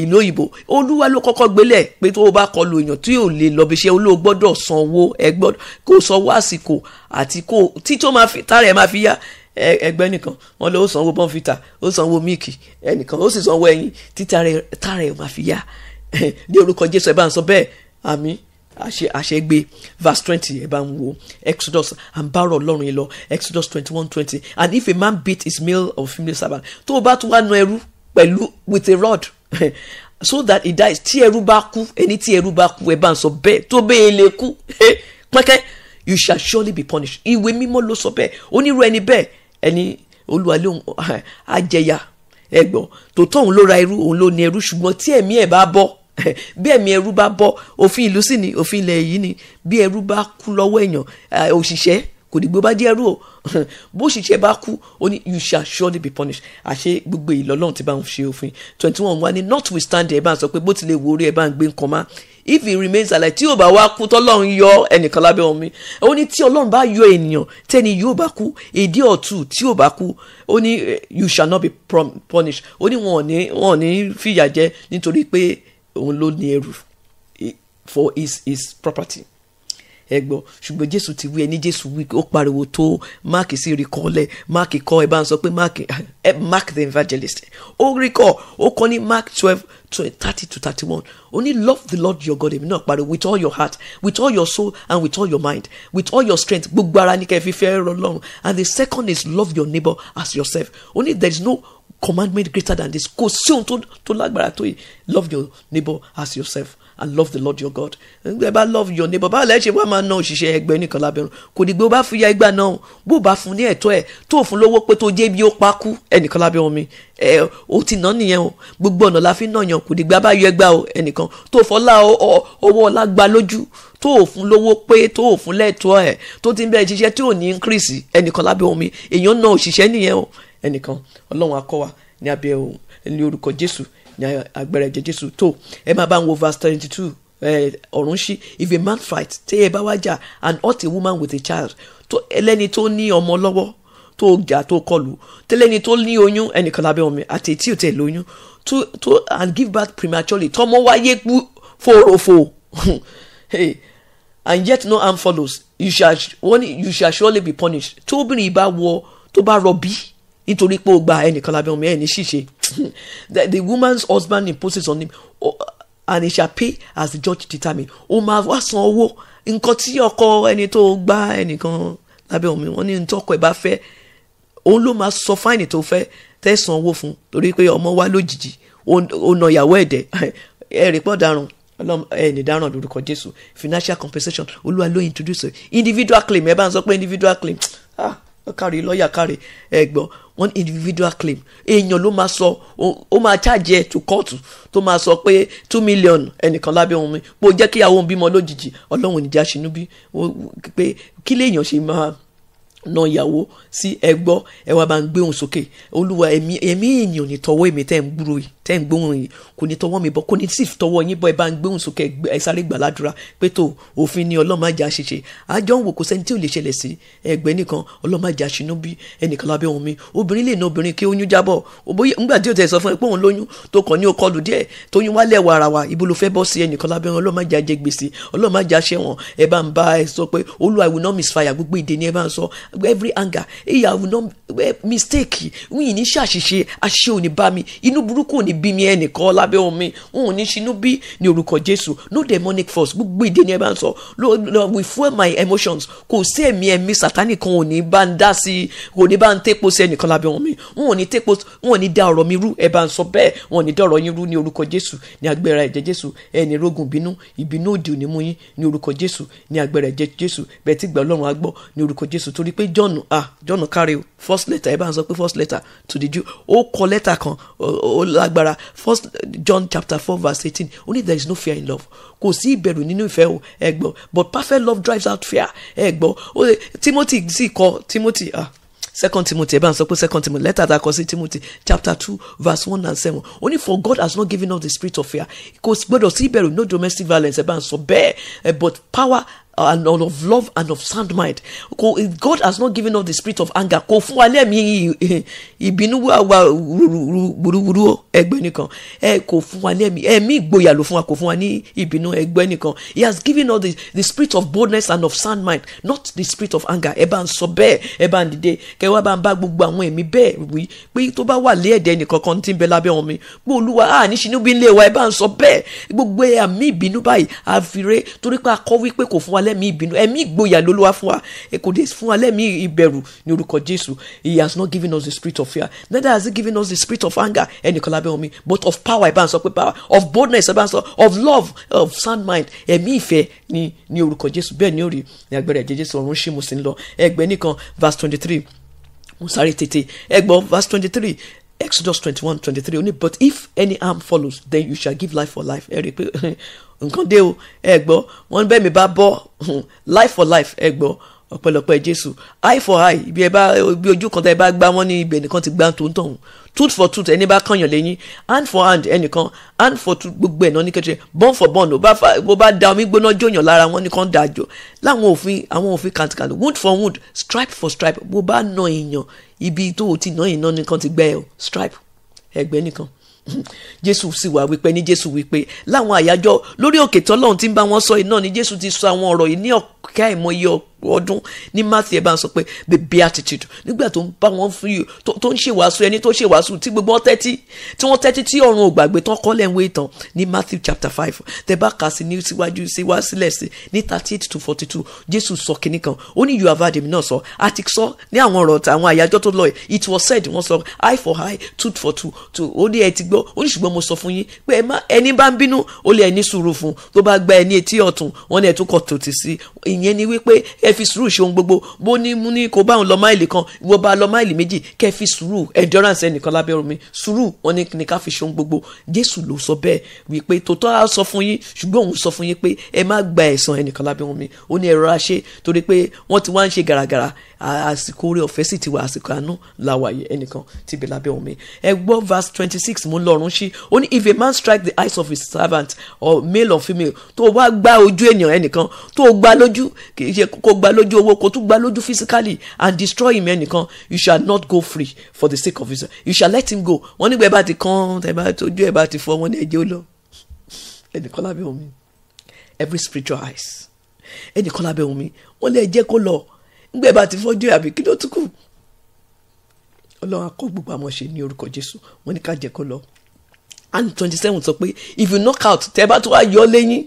ìlú òyìnbó olúwa ló kọ́kọ́ gbé ilẹ̀ pé tó o bá kọlu èèyàn tí ò lè lọ bí iṣẹ́ olóò gbọ́dọ̀ sanwó ẹ gbọ́dọ̀ kó sanwó àsìkò àti kó tí tó máa fi tára ẹ máa fi yá ẹgbẹ́ nìkan wọn lọ ó sanwó bọ́ǹfìtà ó sanwó míìkì ẹnìkan ó sì sanwó ẹyin tí tára ẹ máa fi yá ní orúkọ jésù ẹ bá ń sọ bẹ́ẹ̀ àmín àṣegbé verse twenty ẹ bá ń wo exodus and ń bá ọ̀rọ̀ ọlọ́run yìí lọ exodus twenty one twenty and if a man beat his male or female servant tó o bá tún wá na ẹrú pẹ̀lú with a rod so that he dies tí ẹrú bá kú ẹni tí ẹrú bá kú ẹ bá ń sọ bẹ́ẹ̀ tó bẹ́ẹ̀ lè kú eh, pẹ́kẹ́ you shall surely be punished ìwé mímọ́ ló sọ bẹ́ẹ̀ onírú ẹni bẹ́ẹ̀ ẹni olúwa lóhùn àjẹyà ẹgbọ́n tòótọ́ òun ló ra ẹrú òun ló ní ẹrú ṣùgbọ́n tí ẹ̀mí ẹ̀ bá bọ́ bí ẹ̀mí ẹrú bá bọ́ òfin ìlú sì ni òfin ilẹ̀ yìí ni bí ẹrú bá kú lọ́wọ́ èèyàn eh, òṣìṣẹ́ kò dìgbò bá jẹ́ ẹrú o bó ṣiṣẹ́ bá kú ó ní you shall surely be punished àṣé gbogbo ìlọ́lọ́run ti bá ń ṣe òfin twenty one wa ni notwithstanding ẹ bá ń sọ pé bó tilẹ̀ wo orí ẹ bá ń gbé nǹkan má if he remains alive tí yóò bá wá kú tọ́lọ́run yọ ẹnìkan lábẹ́ omi ó ní tí ọlọ́run bá yọ ènìyàn tẹ́ni yóò bá kú èdè ọ̀tún tí yóò bá kú ó ní eh, you shall not be punished ó ní wọn ò ní wọn ò ní fìyà jẹ nítorí pé òun ló ní ẹrù for his his property ẹ gbọ́ ṣùgbọ́n jésù ti wí ẹ ní jésù wí ó pariwo tó máàkì sí ìrìkọ́lẹ̀ máàkì kọ́ ẹ bá ń sọ pé máàkì ẹ mark the evangelist ó rí kọ́ ó kọ́ ní mark twelve thirty to thirty-one. Only love the lord your god èmi náà pariwo with all your heart with all your soul and with all your mind with all your strength gbogbo ara ní kẹ́ fi fẹ́ rọ lọ́run and the second is love your neighbor as yourself Only there is no commandment greater than this kò sí ohun tó lágbára tó yìí love your neighbor as yourself and love the lord your god ẹ bá love your neighbor báwo lẹ́yìn ṣe wá máa ná òṣìṣẹ́ ẹgbẹ́ nìkan lábẹ́rún kò dìgbò bá fi ya igba náà bó bá fún ní ẹ̀tọ́ ẹ̀ tó fún lówó pé tó jẹ́ bí ó pa kú ẹnìkan lábẹ́ omi ẹ o ti ná nìyẹn o gbogbo ọ̀nà la fi ná yan kò dìgbà bá yọ ẹgbà o ẹnìkan tó fọlá ọwọ́ ọlá gba lójú tó fún lówó pé tó fún lẹ́tọ́ ẹ̀ tó ti bẹ́ẹ̀ ṣiṣẹ́ tí ò ní increase ẹnìkan lábẹ́ omi èèyàn ná òṣìṣẹ́ nìyẹn o ẹnìkan ọlọ́run akọ́ wa ní abẹ́ òun ní orúkọ jésù ní agbára ẹ̀jẹ̀ jésù tó ẹ máa bá ń wo verse twenty two ọ̀run ṣí if a man fight tẹ́ ẹ bá wá jà and hurt a woman with a child tó ẹlẹ́ni tó ní ọmọ lọ́wọ́ tó jà tó kọlù tẹ́lẹ́ni tó ní oyún ẹnìkan lábẹ́ omi àti tí ò tẹ̀ lóyún to to and give birth prematurely tọmọ wáyé kú fòròfò hey and yet no harm follows you shall, you shall surely be punished tó obìnrin bá wọ tó bá rọbí nítorí pé ó gba ẹnìkan lábẹ́ omi ẹni ṣìṣe the woman's husband imposes on him oh, and he shall pay as the judge determine ó máa wá san owó nǹkan tí ọkọ ẹni tó gba ẹnìkan lábẹ́ omi wọn ní ntọ́kọ ẹ̀ bá fẹ́ òun ló máa sọ fáìnì tó fẹ́ tẹ̀sán owó fún torí pé ọmọ wa lójijì ó na ìyàwó ẹ̀dẹ̀ ẹ̀rí pọ̀ darun ẹni dáràn lórúkọ jésù financial compensation olúwa ló introduce individual claim ẹ bá ń sọ pé individual claim ah káre lọ́ọ̀yà káre ẹ one individual claim èèyàn ló máa sọ ó máa charge to court tó máa sọ pé two million ẹnìkan lábẹ́ òun mi pé ó jẹ́ kíyàwó òun bímọ lójijì ọlọ́run ìjà ṣinú bí pé kí lèèyàn ṣe máa na ìyàwó sí ẹgbọ́ ẹ wá bá ń gbé òun sókè olúwa ẹ̀mí ẹ̀mí èèyàn ní tọwọ́ èmi tẹ́ ń gbúrò yìí tẹ́ ń gbóhùn yìí kò ní tọwọ́ mi bọ́ kò ní sì tọwọ́ yín bọ́ ẹ bá ń gbé òun sókè ẹ sáré gbàládùra pé tó òfin ni ọlọ́run máa jẹ́ àṣìṣe àjọ ń wò kó sẹ́ni tí ò lè ṣẹlẹ̀ sí ẹgbẹ́ nìkan ọlọ́run máa jẹ́ àṣìnú bí ẹnìkan lábẹ́ òun mi obìnrin lè na obìnrin kí oyún jábọ̀ nígbà tí o tẹ̀ sọ fún ẹ pé òun lóyún tó kàn ní o kọlù díẹ̀ tóyún wálẹ̀ misfire gbogbo ìdè ni every anger ìyàwó náà eh, mistake wíyìn ní ṣàṣìṣe àṣìṣe ò ní bá mi inú burúkú ò ní bí mi ẹnìkan lábẹ́ omi òun ní ṣinú bí ní orúkọ jésù no demonic force gbogbo ìdè ni ẹ bá ń sọ we fuel my emotions kò sí ẹ̀mí ẹ̀mí sátánì kan ò ní bá ń dá sí i kò ní bá ń tẹ́pọ̀ sí ẹnìkan lábẹ́ omi wọn ò ní tẹ́pọ̀ wọn ò ní dá ọ̀rọ̀ mi rú ẹ bá ń sọ bẹ́ẹ̀ wọn ò ní dá ọ̀rọ̀ yín rú ní orúkọ jésù ní agbára ẹ̀jẹ̀ jésù ẹni rógun ìbínú ìbínú òdì òní mú yín ní orúkọ jésù ní agbára ẹ̀jẹ̀ jésù bẹ́ẹ̀ tí gbà ọlọ́run á ní orúkọ jésù torí p pé john ah john kárí o first letter ẹ bá ń sọ pé first letter to the Jew ó kọ lẹ́tà kan ó lágbára first john chapter four verse eighteen only there is no fear in love kò sí ìbẹ̀rù nínú ìfẹ́ o ẹ gbọ́ but perfect love drives out fear ẹ gbọ́ ó timothy sì kọ timothy ah second timothy ẹ bá ń sọ pé second timothy letter that a kọ timothy chapter two verse one and seven only for god has not given us the spirit of fear kò gbọdọ̀ sí ìbẹ̀rù no domestic violence ẹ bá ń sọ bẹ́ẹ̀ eh, but power and of love and of sound mind God has not given us the spirit of anger kò fún wa lẹ́mí eh, eh, ìbínú wa wúruwúru ẹgbẹ́ nìkan ẹ kò fún wa lẹ́mí ẹ̀mí ìgboyà ló fún wa kò fún wa ní ìbínú ẹgbẹ́ nìkan he has given us the, the spirit of boldness and of sound mind not the spirit of anger ẹ bá ń sọ bẹ́ẹ̀ ẹ bá ń dìde kẹ wá bá ń bá gbogbo àwọn ẹ̀mí bẹ́ẹ̀ wí pé tó bá wà lé ẹ̀dẹ̀ nìkan kan tí ń bẹ lábẹ́ wọn mi pé olúwa à ah, ní sinú bí ń lé wa ẹ bá ń sọ bẹ́ẹ̀ gbogbo ẹ̀mí ìbínú báyìí àfiré torí pé akọ wípé kò fún wa lẹ́ lẹ́mí ìbínú ẹ̀mí ìgboyà lolúwa fún wa kò dé fún wa lẹ́mí ìbẹ̀rù ní orúkọ jésù he has not given us the spirit of fear neither has he given us the spirit of anger ẹnìkan lábẹ́ omi but of power ẹ̀ bá ń sọ pé power of boldness ẹ̀ bá ń sọ of love of sound mind ẹ̀mí ìfẹ́ ní ní orúkọ jésù bẹ́ẹ̀ ni ó rí ní agbẹ́rẹ́ ẹ̀jẹ̀ jésù ọ̀run ṣì mú sí ń lọ ẹgbẹ́ nìkan verse twenty three mo sáré tètè ẹgbọ́n verse twenty three Exodus twenty one twenty three ó ní but if any harm follows then you shall give life for life ẹ rí i pé nǹkan dé o ẹ gbọ́ wọ́n bẹ́ẹ̀ mi bá bọ́ life for life ẹ gbọ́ ọpẹ́lọpẹ́ jésù eye for eye ibi ẹ bá ibi ojú kan tẹ ẹ bá gbá wọn ní ibẹ̀ nìkan ti gbá tó ń tooth for tooth ẹni bá kànyàn lẹ́yìn hand for hand ẹnìkan hand for tooth gbogbo ẹ̀ náà ní kẹ́tẹ́ bone for bone bó bá da omi gbóná jóyàn lára wọn nìkan dà jọ láwọn òfin àwọn òfin kàntìkàntì wood for wood stripe for stripe bó bá nà èèyàn ibi tó o ti nà èèyàn nìkan ti gbẹ ẹ o stripe ẹgbẹ́ nìkan jésù sì wà wípé ní jésù wípé láwọn àyájọ́ lórí òkè tọ́lọ́run tí ń bá wọn sọ iná ni jésù ti sọ àwọn ọ̀rọ̀ yìí ní ọ̀kẹ́ àìmọye ọ̀k ọdún ní Matthew ẹ bá ń sọ pé the beatitude nígbà tó ń bá wọn fún yìí tó ń ṣèwàásù ẹni tó ṣèwàásù tí gbogbo wọn tẹ́tí tí wọ́n tẹ́tí tí ọ̀run ò gbàgbé tán kọ́ lẹ́hìn ìtàn ní Matthew chapter five tẹ́ bá kà sí ní síwájú sí wá sílẹ̀ sí ní thirty eight to forty two Jésù sọ kínní kan ó ní you have heard him náà sọ àti sọ ní àwọn ọ̀rọ̀ àwọn àyájọ́ tó lọ yìí it was said wọ́n sọ eye for eye tooth for tooth to ó ní ẹ ti gbọ́ ó ní ṣùgbọ́n mo sọ fún yín pé ẹ má ẹni bá ń bínú ó lè ẹni sùúrù fún tó bá gba ẹni etí ẹ ẹ fi sùúrù ṣe ohun gbogbo bó ní mú ní kó bá òun lọ máìlì kan ìwọ bá lọ máìlì méjì kẹ́ fi sùúrù endurance ẹnìkan lábẹ́ omi sùúrù wọn ní ní ká fi ṣe ohun gbogbo jésù ló sọ bẹ́ẹ̀ wípé tòótọ́ á sọ fún yín ṣùgbọ́n òun sọ fún yín pé ẹ má gba ẹ̀san ẹnìkan lábẹ́ omi ó ní ẹ rọra ṣe torí pé wọ́n ti wá ń ṣe gàràgàrà àsìkò orí ọ̀fẹ́ sì ti wà àsìkò àánú làwàyè ẹnìkan ti bẹ̀ lábẹ́ omi ẹ gbọ́ verse twenty six mú lọ́rùn sí ó ní if a man strike the eyes of his servant or male or female tó o wá gba ojú ènìyàn ẹnìkan tó o gba lójú kì í gba lójú owó kó tún gba lójú physically and destroy him ẹnìkan you shall not go free for the sake of his you shall let him go wọ́n nígbà ẹ bá ti kàn ẹ bá tójú ẹ bá ti fọ wọn ní ẹjẹ ó lọ ẹnìkan lábẹ́ omi every spiritual eyes ẹnìkan lábẹ́ omi wọ́n lè jẹ́ kó lọ ngbẹ́ bá ti fọ́jú ẹ̀ àbí kí ló tún kù ọlọ́run akọ́ gbogbo àmọ̀ṣe ní orúkọ jésù wọn ní ká jẹ́ kó lọ and twenty seven sọ pé if you knock out tẹ́ bá tó wá yọ lẹ́yìn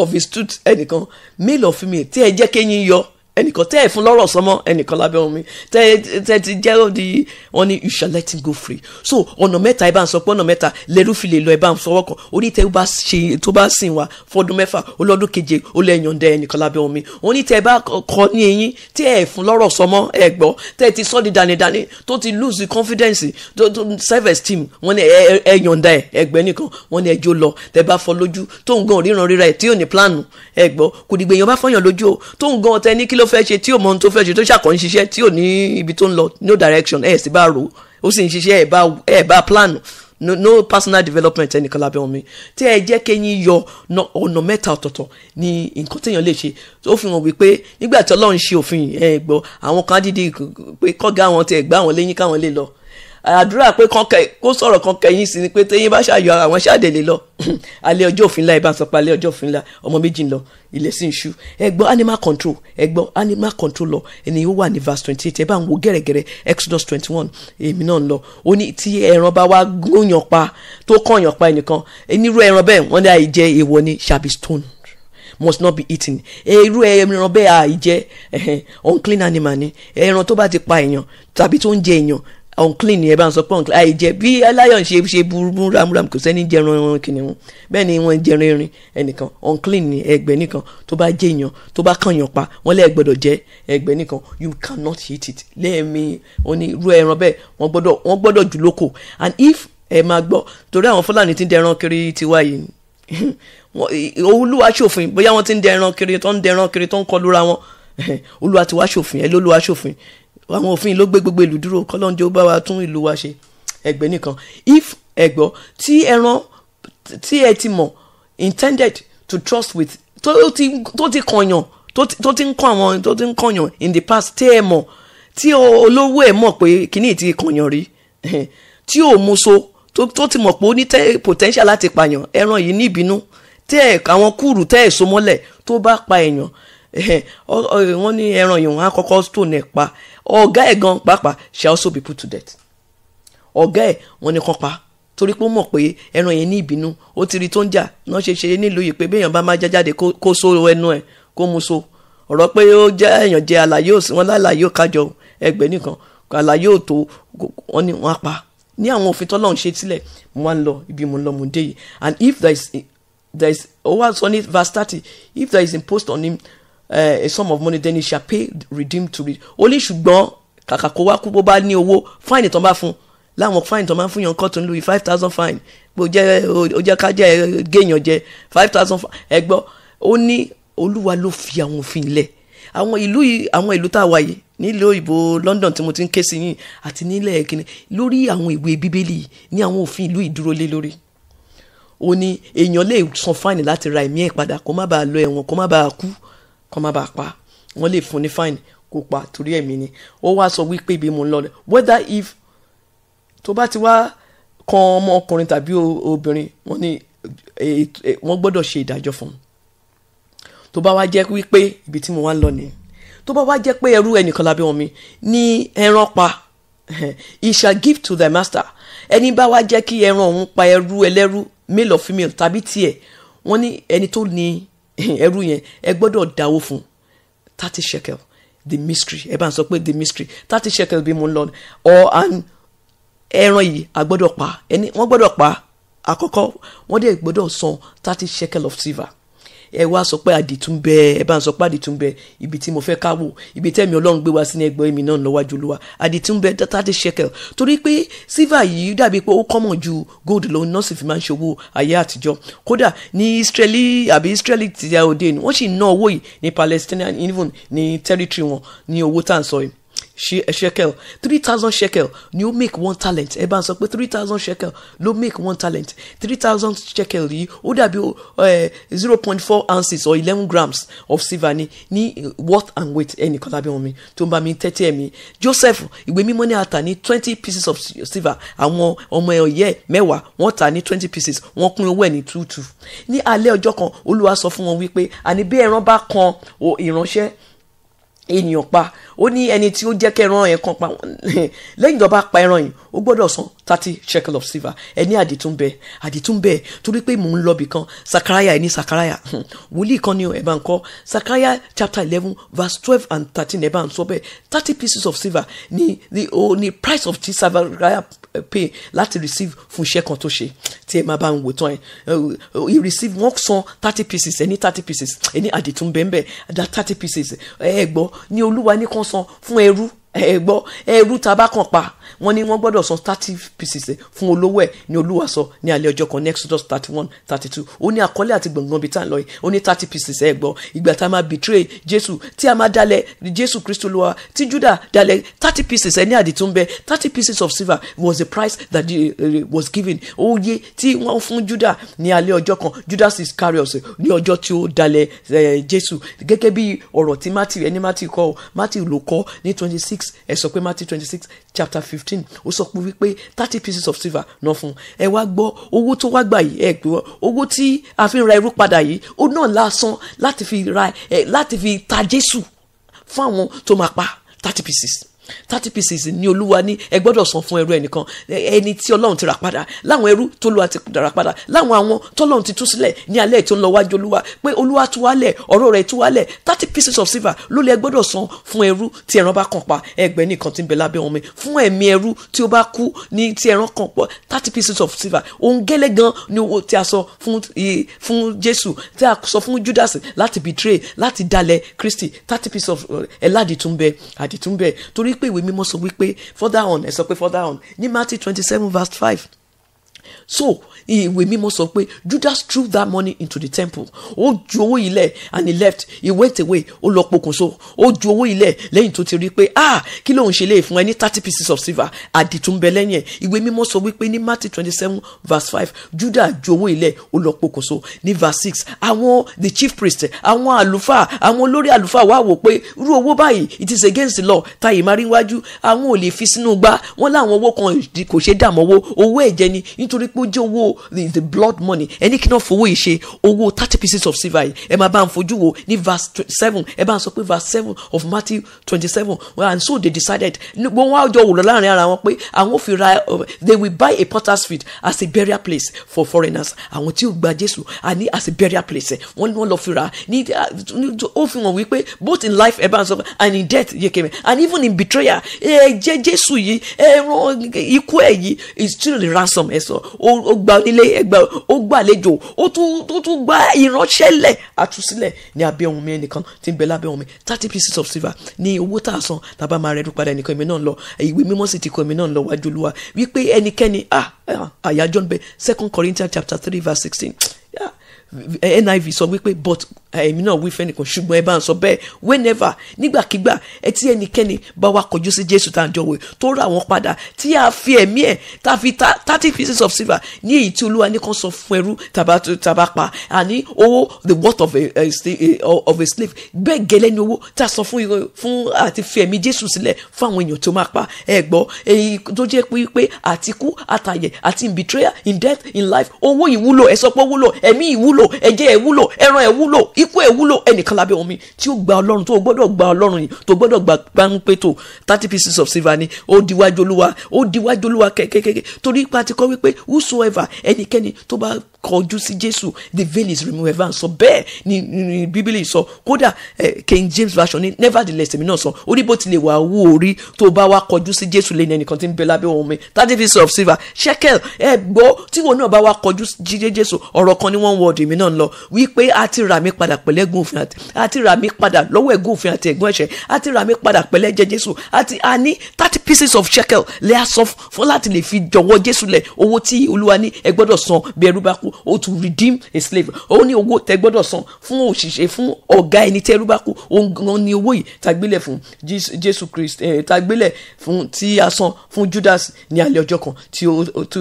of his tooth ẹnìkan male or female tí ẹ jẹ́ kéyìn yọ ẹnìkan tẹ́ ẹ̀ fún lọ́rọ̀ sọmọ ẹnìkan lábẹ́ omi tẹ́ ẹ ti jẹ́ di wọn ni you shall let him go free so ọ̀nà mẹ́ta ẹ bá ń sọ pé ọ̀nà mẹ́ta lẹ́rúfin lè lọ ẹ bá ń sọwọ́ kan onítẹ̀ bá ṣe tó bá sìn wá fọdún mẹ́fà olọ́dún keje ó lè yànjẹ ẹnìkan lábẹ́ omi onítẹ̀ bá kọ́ ní eyín tẹ́ ẹ fún lọ́rọ̀ sọmọ ẹ gbọ́ tẹ́ ẹ ti sọ́ di dánidáni tó ti lose the confidence to to self esteem wọn ni ẹ yànjẹ ẹgbẹ́ nìkan wọn ni ẹjọ́ lọ tẹ́ bá fọ́ lójú tó ń gan ríran ríra ẹ̀ tí ò ní plan ẹ gbọ́ kò dìgbẹ̀yàn bá fọyàn lójú o tó ń gan ọtẹ ní kíló ló fẹ́ ṣe tí ò mọ ohun tó fẹ́ ṣe tó ṣàkọ́ ń ṣiṣẹ́ tí ò ní ibi tó ń lọ no direction ẹ̀ sì bá rò ó sì ń ṣiṣẹ́ ẹ̀ bá plan no, no personal development ẹnìkan lábẹ́ omi tí ẹ jẹ́ kéyìn yọ ọ̀nà mẹ́ta ọ̀tọ̀ọ̀tọ̀ ni nǹkan téèyàn lè ṣe ó fi hàn wípé nígbà tí ọlọ́run ṣe òfin ẹ̀ gbọ́ àwọn kan á dídí pé kọ́gá àwọn tẹ̀ gbá àwọn léyìn káwọn lè lọ àdúrà pé kó sọ̀rọ̀ kan kẹyìn sí ni pé téyín bá ṣàyọ ara wọn ṣàdèlè lọ alẹ́ ọjọ́ òfin ńlá ibà sọ pé alẹ́ ọjọ́ òfin ńlá ọmọ méjì ń lọ ilẹ̀ sì ń ṣú ẹgbọ́ animal control ẹgbọ́ animal control lọ ẹni ó wà ní verse twenty eight ẹ bá ń wo gẹ́rẹ́gẹ́rẹ́ exodus twenty one èmi náà ń lọ ó ní tí ẹran bá wá gúnyàn pa tó kọ̀yàn pa ẹnìkan onírú ẹran bẹ́ẹ̀ wọ́n ní àìjẹ èèwọ̀ ni shall be stoned must not be eaten irú ẹran bẹ́ẹ̀ àìjẹ unclean animal ni ẹran tó bá ti pa èèyàn tàbí tó ń jẹ èèyàn unclean yẹn bá ń sọ pé unclean àìjẹ bí lion ṣe ṣe burúkú ramram kò sẹ́ni jẹran ẹran kìnìún bẹ́ẹ̀ ni wọ́n jẹran erin ẹnìkan unclean ni ẹgbẹ́ nìkan tó bá jẹ èèyàn tó bá kànyàn pa wọ́n lẹ́ẹ̀ gbọ́dọ̀ jẹ ẹgbẹ́ nìkan you cannot hit it lẹ́ẹ̀mí onírú ẹran bẹ́ẹ̀ wọ́n gbọ́dọ̀ wọ́n gbọ́dọ̀ jù lóko and if ẹ máa gbọ́ torí àwọn fúlàní ti ń dẹran kiri tiwa yìí olúwa ṣòfin bóyá wọ́n ti ń dẹran kiri tó ń dẹran kiri tó ń kọlura wọn olúwa ti wá ṣòfin ẹ lólúwa ṣòfin àwọn òfin ló gbé gbogbo ìlú dúró kọ́lọ́njọ́ bá wa tún ìlú wa ṣe ẹgbẹ́ nìkan if ẹ̀gbọ́ tí ẹran tí ẹ ti mọ̀ intended to trust with tó ti tó ti kọ̀yàn tó ti ń kọ́ àwọn tó ti ń kọ̀yàn in the past tí ẹ mọ̀ tí olówó ẹ mọ̀ pé kíní ti kọ̀yàn rí tí ò mú so tó ti mọ̀ pé ó ní potential láti pààyàn ẹran yìí ní ìbínú tẹ́ ẹ̀ àwọn kúrú tẹ́ ẹ̀ so mọ́lẹ̀ tó bá pa èèyàn wọ́n ní ẹran yìí wọ́n á kọ́kọ́ stone ẹ̀ pa ọ̀gá ẹ̀ gan pàápàá shall also be put to death ọ̀gá ẹ̀ wọ́n ní kàn pa torí pé ó mọ̀ pé ẹran yẹn ní ìbínú ó ti rí tó ń jà náà ṣe ṣe nílùú yìí pé béèyàn bá má jájáde kó so ẹnu ẹ̀ kó mu so ọ̀rọ̀ pé ó jẹ́ èèyàn jẹ́ àlàyé òsì wọn láàlàyé òkájọ ẹgbẹ́ nìkan àlàyé òtó wọn ni wọ́n pa ní àwọn òfin tọ́lọ́run ṣe sílẹ̀ mo wá ń lọ ibi mo ń lọ mo ń dé yìí and if there is there is ó wá sọ ní verse thirty if there is imposed on him Eh, a sum of money then he shall pay redeem to read Only lè ṣùgbọ́n kàkà kó wá kú bó bá ní owó fáìnì tó ń bá fún láwọn fáìnì tó máa ń fún yàn kọ́tún lórí five thousand fine bó jẹ́ ó jẹ́ ká jẹ́ eh, géèyàn jẹ five thousand ẹgbọ́ ó ní olúwa ló fi àwọn òfin lẹ̀ àwọn ìlú àwọn ìlú tá a wà yìí nílùú London tí mo ti ń ké sí yìí àti nílẹ̀ kìnìún lórí àwọn ìwé bíbélì ní àwọn òfin ìlú ìdúró lé lórí ó ní èèyàn lè san fáìnì láti ra ẹ̀mí ẹ̀ padà kó má bàa lọ ẹ̀wọ̀n kó má bàa kú kọ́ má bàa pa wọ́n lè fún ní fine kó pa torí ẹ̀mí ni ó wá sọ wípé ibi mo ń lọ whether if tó bá ti wá kan ọmọ ọkùnrin tàbí obìnrin wọ́n ní e, e, e, wọ́n gbọ́dọ̀ ṣe ìdájọ́ fún un tó bá wá jẹ́ wípé ibi tí mo wá ń lọ nìyẹn tó bá wá jẹ́ pé ẹrú ẹnìkan lábẹ́ wọn mi ní ẹran pa he shall give to thy master ẹni bá wá jẹ́ kí ẹran òun pa ẹrú ẹlẹ́rú male or female tàbí tiẹ̀ wọ́n ní ẹni tó ní ẹrú yẹn ẹ gbọ́dọ̀ dáwó fún thirty shekel the mystery ẹ bá ń sọ pé the mystery thirty shekel bí mo ń lọ ọ ẹran yìí a gbọ́dọ̀ pa ẹni wọ́n gbọ́dọ̀ pa àkọ́kọ́ wọ́n dẹ̀ gbọ́dọ̀ san thirty shekel of silver ẹ wá sọ pé àdìtún bẹ ẹ bá ń sọ pé àdìtún bẹ ibi tí mo fẹ́ ká wò ibi tẹ́mi Ọlọ́run gbé wá sí ní ẹgbẹ́ mi náà lọ́wájú olúwa àdìtún thirty shekel torí pé sílvà yìí dàbí pé ó kọ́mọ̀ ju gold lọ náà sì fi máa ń ṣòwò ayé àtijọ́ kódà ní Israeli àbí Israeli ti ya eh, òde ni wọ́n sì ná owó yìí ní Palestinian even ní territory wọn ní owó tá à ń sọ yìí She shekel three thousand shekel ni ó make one talent ẹ bá ń sọ pé three thousand shekel ló make one talent three thousand shekel yìí ó dàbí zero point four ounces or eleven grams of silver ni ní worth and weight ẹnìkan lábẹ́ wọn mi tó ń bá mi tẹ́tí ẹ̀mí Joseph ìwé mímọ́ ní ata ní twenty pieces of silver àwọn ọmọ ẹ̀yẹ mẹ́wàá wọ́n ta ní twenty pieces wọ́n pín owó ẹ̀ ní two two ní alẹ́ ọjọ́ kan olúwa sọ fún wọn wípé àní bí ẹran bá kan ìránṣẹ́ ènìyàn pa ó ní ẹni tí ó jẹ́ kẹ́ran yẹn kan pa lẹ́yìn ìjọba pa ẹran yìí ó gbọ́dọ̀ san thirty shekel of silver ẹni àdìtún bẹ àdìtún bẹ torí pé mò ń lọ bìkan sakaraya ẹni sakaraya hmm. wòlíì kan ni ẹ bá ń kọ sakaraya chapter eleven verse twelve and thirteen ẹ bá ń sọ bẹ́ẹ̀ thirty pieces of silver ni the oh, ni price of ti sakaraya eh, pay láti receive fún iṣẹ́ kan tó ṣe tí ẹ máa bá ń wò tán ẹ you eh, receive one san thirty pieces ẹni thirty pieces ẹni àdìtún that thirty pieces ẹ gbọ́ ni olúwa ní kan san fún ẹrú ẹ gbọ́ ẹrú tabakàn pa wọ́n ní wọ́n gbọ́dọ̀ san thirty pieces fún olówó ẹ̀ ní olúwa sọ ní alẹ́ ọjọ́ kan ní exodus thirty one thirty two ó ní àkọlé àti gbọ̀ngàn bíi tá à ń lọ yìí ó ní thirty pieces ẹ̀ gbọ́ ìgbà tá a máa betray jésù tí a máa dalẹ̀ jésù kristu lọ́wọ́ tí juda dalẹ̀ thirty pieces ẹ̀ ní àdìtún bẹ́ẹ̀ thirty pieces of silver was the price that the, uh, was given oye tí wọ́n fún juda ní alẹ́ ọjọ́ kan judas is iscariot ní ọjọ́ tí ó dalẹ̀ uh, jésù gẹ́gẹ́ bí ọ̀rọ̀ tí matthew ẹni matthew kọ́ matthew ló kọ́ ní twenty six ẹ̀ sọ pé matthew twenty six chapter fifteen fifteen ó sọ pé wípé thirty pieces of silver náà fún ẹ wá gbọ́ owó tó wá gbà yìí ẹ pé wọ́n owó tí a fi ń ra irú padà yìí ó náà lásán láti fi ra ẹ láti fi ta Jésù fún àwọn tó máa pa thirty pieces thirty pieces ní olúwa ní ẹ gbọ́dọ̀ san fún ẹrú ẹnìkan ẹni tí ọlọ́run ti rà padà láwọn ẹrú tó lọ́wọ́ ti rà padà láwọn àwọn tọ́lọ́run ti tú sílẹ̀ ní alẹ́ tó ń lọ wájú olúwa pé olúwa tú wálẹ̀ ọ̀rọ̀ rẹ̀ tú wálẹ̀ thirty pieces of silver ló lè ẹ gbọ́dọ̀ san fún ẹrú tí ẹran bá kàn pa ẹgbẹ́ nìkan ti ń bẹ lábẹ́ omi fún ẹ̀mí ẹrú tí ó bá kú ní tí ẹran kàn pọ̀ thirty pieces of silver òun gẹ́lẹ́ gan ni owó tí a sọ fún fún jésù tí a sọ fún judas láti betray láti dalẹ̀ kristi thirty pieces of eh, ẹ̀ ládìtúnbẹ̀ àdìtúnbẹ̀ torí wípé ìwé mímọ́ sọ wípé further on ẹ sọ pé further on ní Matthew twenty seven verse five so ìwé mímọ́ sọ pé Judas threw that money into the temple ó ju owó ilẹ̀ and he left he went away ó lọ pokùnso ó ju owó ilẹ̀ lẹ́yìn tó ti rí pé ah kí ló ń ṣe lè fún ẹ ní thirty pieces of silver àdìtúnbẹ lẹ́yìn ẹ̀ ìwé mímọ́ sọ wípé ní Matthew twenty seven verse five Judas ju owó ilẹ̀ ó lọ pokùnso ní verse six àwọn the chief priest àwọn àlùfáà àwọn olórí àlùfáà wá wò pé irú owó báyìí it is against the law táyì máa rí wájú àwọn ò lè fi sínú gbá wọn láwọn owó kan kò ṣe dààmú owó owó ẹ̀jẹ̀ ni nítorí pé ó jẹ́ owó the blood money ẹni kí náà fowó yìí ṣe owó thirty pieces of silver yìí ẹ máa bá ń fojú wo ní verse seven ẹ bá ń sọ pé verse seven of Matthew twenty seven and so they decided wọ́n wá jọ wò lọ láàrin ara wọn pé àwọn ò fi ra they will buy a potter's field as a burial place for foreigners àwọn tí ò gba Jésù àní as a burial place wọ́n ní wọ́n lọ fi ra ní ó fi hàn wípé both in life ẹ bá ń sọ and in death yẹ kẹmẹ and even in betrayal ẹ jẹ Jésù yìí ẹ rán ikú ẹ yìí is still the ransom ẹ sọ ó gba onílé ẹgbà ó gba àlejò ó tún gba ìránṣẹ́lẹ̀ àtúnṣílẹ̀ ní abẹ́ ohun mi ẹnìkan tí ń bẹ lábẹ́ ohun mi thirty pieces of silver ní owó tá a san tàbá máa rẹ́dùn padà ẹnìkan èmi náà lọ ìwé mímọ́ sì ti kọ èmi náà lọ wájú olúwa wípé ẹnikẹ́ni ah, ah, àyájọ́ ń bẹ second corinthians chapter three verse sixteen NIV sọ wípé but eh, èmi náà wí fẹ́nìkan ṣùgbọ́n ẹ bá ń sọ bẹ́ẹ̀ whenever nígbàkigbà ẹ tí ẹnikẹ́ni bá wa kọjú sí Jésù tá à ń jọ wẹ̀ tó rà wọ́n padà tí a fi ẹ̀mí ẹ̀ tá fi thirty pieces of silver ní èyí tí Olúwa ní kan sọ fún ẹrú tàbá pa àní owó oh, the worth of a, a, a, of a slave bẹ́ẹ̀ gẹ́lẹ́ ni owó tá a sọ fún fún àti fi ẹ̀mí Jésù sílẹ̀ fún àwọn èèyàn tó máa pa ẹ gbọ́ èyí tó jẹ́ pé àtikú àtàyẹ̀ àti in betrayal in death in life owó ìwúlò ẹ sọ pé owó ìwúlò ẹ̀mí ìwúlò wúlò ẹ̀jẹ̀ ẹ̀ wúlò ẹran ẹ̀ wúlò ikú ẹ̀ wúlò ẹnìkan lábẹ́ omi tí ó gba ọlọ́run tó o gbọ́dọ̀ gba ọlọ́run yìí tó o gbọ́dọ̀ gba páńpẹ́ tó thirty pieces of silver ni ó diwájú olúwa ó diwájú olúwa kẹ́kẹ́kẹ́ torí ipa ti kọ́ wípé whosoever ẹnikẹ́ni tó bá kọjú sí jésù the veil is removed ẹ̀fà sọ bẹ́ẹ̀ ni ni bíbélì sọ kódà eh, king james version ní nevertheless èmi náà sọ ó ní bó tilẹ̀ wà owó orí tó bá wá kọjú sí jésù lẹ́yìn ẹnìkan tí ń bẹ lábẹ́ òun mi thirty pieces of silver shekel ẹ gbọ́ tí wọn náà bá wá kọjú jíjẹ́ jésù ọ̀rọ̀ kan ní one word èmi náà ń lọ wípé a ti rà mí padà pẹ̀lẹ́ ẹ̀gún òfin àti a ti rà mí padà lọ́wọ́ ẹ̀gún òfin àti ẹ̀gún ẹ̀ṣẹ̀ a ti rà mí padà pẹ̀lẹ́ ẹ̀jẹ̀ jésù àti a ní thirty pieces of shekel lẹ́yà sọ fún láti lè fi jọ̀wọ́ jésù lẹ̀ owó tí olúwa ní ẹ san bí ẹrú bá kú o to redeem a slave ó ní owó tẹ gbọ́dọ̀ san fún òṣìṣẹ́ fún ọ̀gá ẹni tí ẹrú bá kú òun ni owó yìí tagbélẹ̀ fún Jésù Kristi eh, tagbélẹ̀ fún tí a san fún Judas ní alẹ́ ọjọ́ kan tí ó tó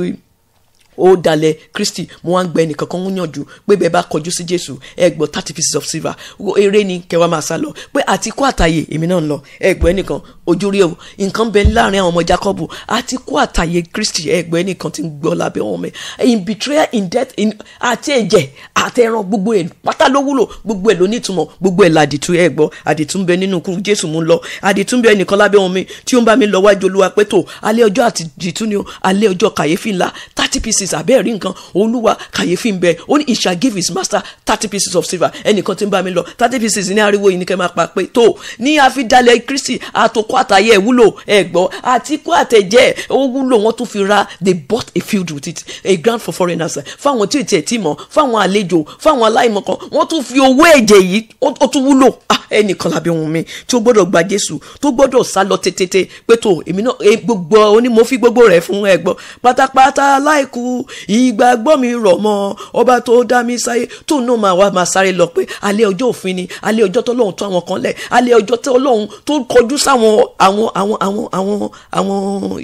ó dalẹ̀ kristi mo wá ń gbẹ ẹnìkan kan ń yànjú pé bẹ́ẹ̀ bá kọjú sí jésù ẹgbọ́n thirty pieces of silver eré ni kẹwàá máa sá lọ pé àtikó àtàyè èmi náà ń lọ ẹgbọ́n ẹnìkan ojú rí o nǹkan bẹ láàrin àwọn ọmọ jacobu àtikó àtàyè kristi ẹgbọ́n ẹnìkan ti ń gbọ́ lábẹ́ wọn mẹ́ in betrayal in death in àti ẹ̀jẹ̀ àti ẹran gbogbo ẹ̀ pátá ló wúlò gbogbo ẹ̀ ló nítumọ̀ gbogbo ẹ̀ làdìtú ẹgbọ́n àdìtú bẹ nínú kú jésù mú lọ àdìtú bẹ ẹnìkan lábẹ́ wọn mi tí ó ń bá mi lọ wájú olúwa pé tó alẹ́ ọjọ́ àtìjìtú ni o alẹ́ ọjọ́ kàyéfì ńlá thirty pieces notice àbẹ́ẹ̀rí nǹkan olúwa kàyéfì ń bẹ ó ní he shall give his master thirty pieces of silver ẹnìkan tí ń bá mi lọ thirty pieces ní ariwo yìí ní kẹ́ máa pa pé tó ní àfidalẹ̀ kristi àtòkọ́ àtàyẹ̀ wúlò ẹ̀gbọ́ àtikú àtẹ̀jẹ́ ó wúlò wọ́n tún fi ra they bought a field with it a ground for foreigners fáwọn tí ò tiẹ̀ tí mọ̀ fáwọn àlejò fáwọn aláìmọ̀kan wọ́n tún fi owó ẹ̀jẹ̀ yìí ó tún wúlò ah, ẹnìkan làbí ohun mi tí ó gbọ́dọ̀ gba jésù tó gbọ́dọ̀ sá lọ tètè pé tó èmi náà e, gbogbo onímọ̀ fi gbogbo rẹ̀ fún ẹ̀gbọ́ pátápátá láìkú ìgbàgbọ́ mi rọ̀ mọ́ ọba tó dá mi sáyé tó náà máa wá máa sáré lọ pé alẹ́ ọjọ́ òfin ni alẹ́ ọjọ́ tọ́lọ́run tó àwọn kan lẹ̀ alẹ́ ọjọ́ tọ́lọ́run tó kọjú sáwọn àwọn àwọn àwọn àwọn àwọn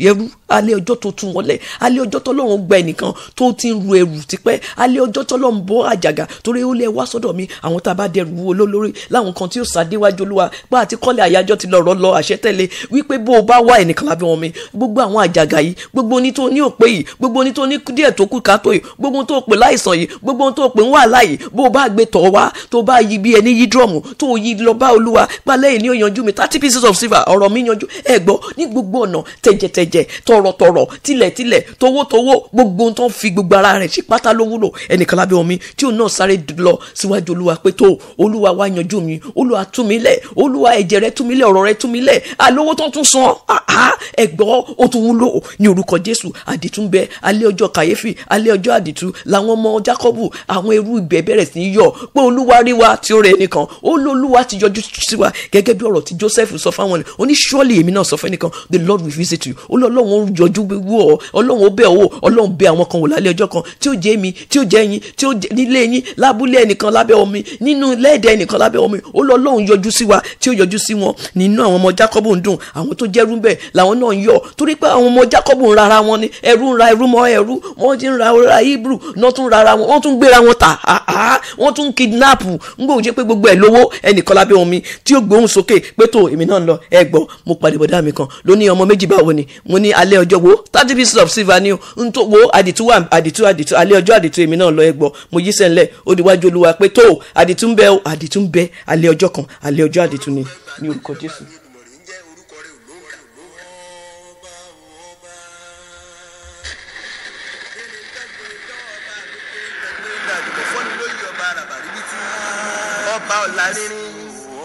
ẹrú alẹ́ ọjọ́ tó tú wọn lẹ̀ alẹ́ ọjọ́ tọ́lọ́run gba ẹnìkan tó ti ń ru ẹrù tipẹ́ alẹ́ ọjọ́ tọ́lọ́run bọ́ àjàgà torí ó lé wá sọ́dọ̀ mi àwọn tá a bá dẹrù wo lólórí láwọn kan tí ó sàdéwájú olúwa pé àti kọ́lé àyájọ́ ti lọ́rọ̀ lọ àṣẹ tẹ́lẹ̀ wípé bó o bá wá ẹnìkan lábẹ́ wọn mi gbogbo àwọn àjàgà yìí gbogbo onítòní òpè yìí gbogbo onítòní díẹ̀ tó kù ká tó yìí gbogbo ohun tó pè láìsàn yìí gbogbo tó pè ń wà láàyè bó o bá gbé tọ̀ wá tó bá yí bí ẹni yí dúrọ̀mù tó yí lọ bá olúwa palẹ̀ yìí ní ó mi thirty pieces of silver ọ̀rọ̀ mi yanjú ẹ gbọ́ ní gbogbo ọ̀nà tẹ̀jẹ̀tẹ̀jẹ̀ tọ̀rọ̀tọ̀rọ̀ tilẹ̀tilẹ̀ towótowó gbogbo tó fi gbogbo ara rẹ̀ sí pátá ló wúlò ẹnìkan lábẹ́ kàyéfì alẹ́ ọjọ́ àdìtú làwọn ọmọ jákọ́bù àwọn ẹrú ibẹ̀ bẹ̀rẹ̀ sí í yọ̀ pé olúwa rí wa tí ó rẹ ẹnìkan ó lọ olúwa ti yọjú sí wa gẹ́gẹ́ bí ọ̀rọ̀ tí joseph sọ fáwọn ni ó ní surely èmi náà sọ fún ẹnìkan the lord will visit you ó lọ ọlọ́run ó yọjú wíwú ọ ọlọ́run ó bẹ̀ ọ́ ọlọ́run bẹ̀ àwọn kan wò lálẹ́ ọjọ́ kan tí ó jẹ́ mi tí ó jẹ́ yín tí ó jẹ́ nílé yín lábúlé ẹnìkan lábẹ́ omi nínú lẹ́ẹ̀dẹ́ ẹnìkan lábẹ́ omi ó lọ ọlọ́run yọjú sí wa tí ó yọjú sí wọn nínú àwọn ọmọ jacob ń dùn àwọn tó jẹ́rú bẹ́ẹ̀ làwọn náà ń yọ̀ torí pé àwọn ọmọ jacob ń rara wọn ni ẹrú ń ra ẹrú mọ́ ẹrú wọ́n ti ń ra ra hebrew náà tún rara wọn wọ́n tún gbéra wọn tà wọ́n tún kidnap ń gbóhùn jẹ́ pé gbogbo ẹ̀ lówó ẹnìkan lábẹ́ omi tí ó gbóhùn sókè pé tó èmi náà ń lọ ẹ gbọ́ mo pàdé bọ̀dá mi kan ló ní ọmọ méjì báwo ni mo ní alẹ́ ọjọ́ wo thirty pieces of silver ni n tó wo àdìtú wà àdìtú àdìtú alẹ́ ọjọ́ àdìtú èmi náà lọ ẹ gbọ́ mo yí sẹ́ńlẹ̀ ó di wájú olúwa pé tó àdìtú ń bẹ àdìtú ń bẹ alẹ́ ọjọ́ kan alẹ́ ọjọ́ àdìtú ni ní orúkọ Jésù. Alárin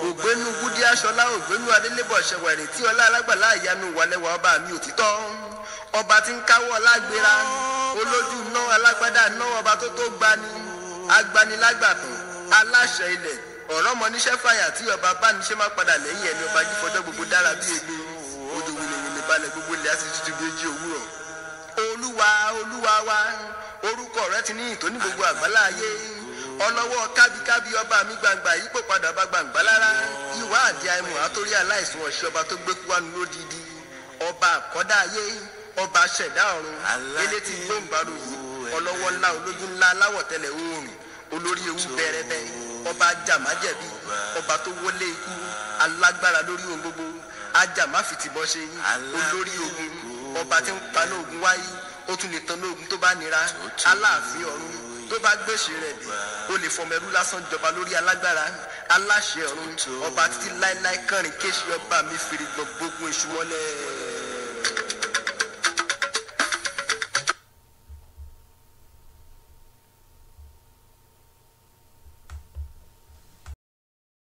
ògbénu Wúdí Aṣọlá ògbénu Adélébọ̀ Ṣẹwẹ̀rì tí ọlá alágbàlá ìyanu wàlẹ́wà ọba mi òtítọ́ ọba tí ń káwọ́ lágbéra olójú ná alágbádá ná ọba tó tó gbani agbanilágbàtàn aláṣẹ ilẹ̀ ọ̀rọ̀ mọ níṣẹ́ fàyà tí ọba bániṣẹ́ má padà lẹ́yìn ẹni ọba jí fọjọ́ gbogbo dára bí egbò odò wìlìwìlì balẹ̀ gbogbo ilẹ̀ àti títí méjì òwúrọ̀ olúwa olúwa wa orúkọ rẹ ti ní ìtòní gbogbo àgbáláyé ọlọ́wọ́ kábíkábí ọba mi gbangba yìí kò padà bá gbangba lára ìwà àdí àìmọ̀ àtórí aláìsàn ọ̀ṣẹ́ ọba tó gbé kú wánu lódìdí ọba àkọ́dá ayé ọba ṣẹ̀dá ọ̀run elétí ló ń baro yìí ọlọ́wọ́ ńlá olójú ńlá aláwọ̀ tẹ́lẹ̀ oòrùn olórí ewu bẹ̀rẹ̀bẹ̀ ọba jàmájẹ̀bi ọba tó wọlé ikú alágbára lórí ohun gbogbo ajàmáfìtìbọ̀ ṣe olórí ogun ọba tí ń paná ogun wáyé ó tún lè tanná ogun tó bá nira aláàfin ọ̀run tó bá gbèsè rẹ̀ dé ó lè fọmọ ẹrú lásán jọba lórí alágbára aláṣẹ ọ̀run ọba títí láéláé kàrin kéṣì ọba mi fìrìgbọ̀n gbógun ìṣúwọ́lẹ̀.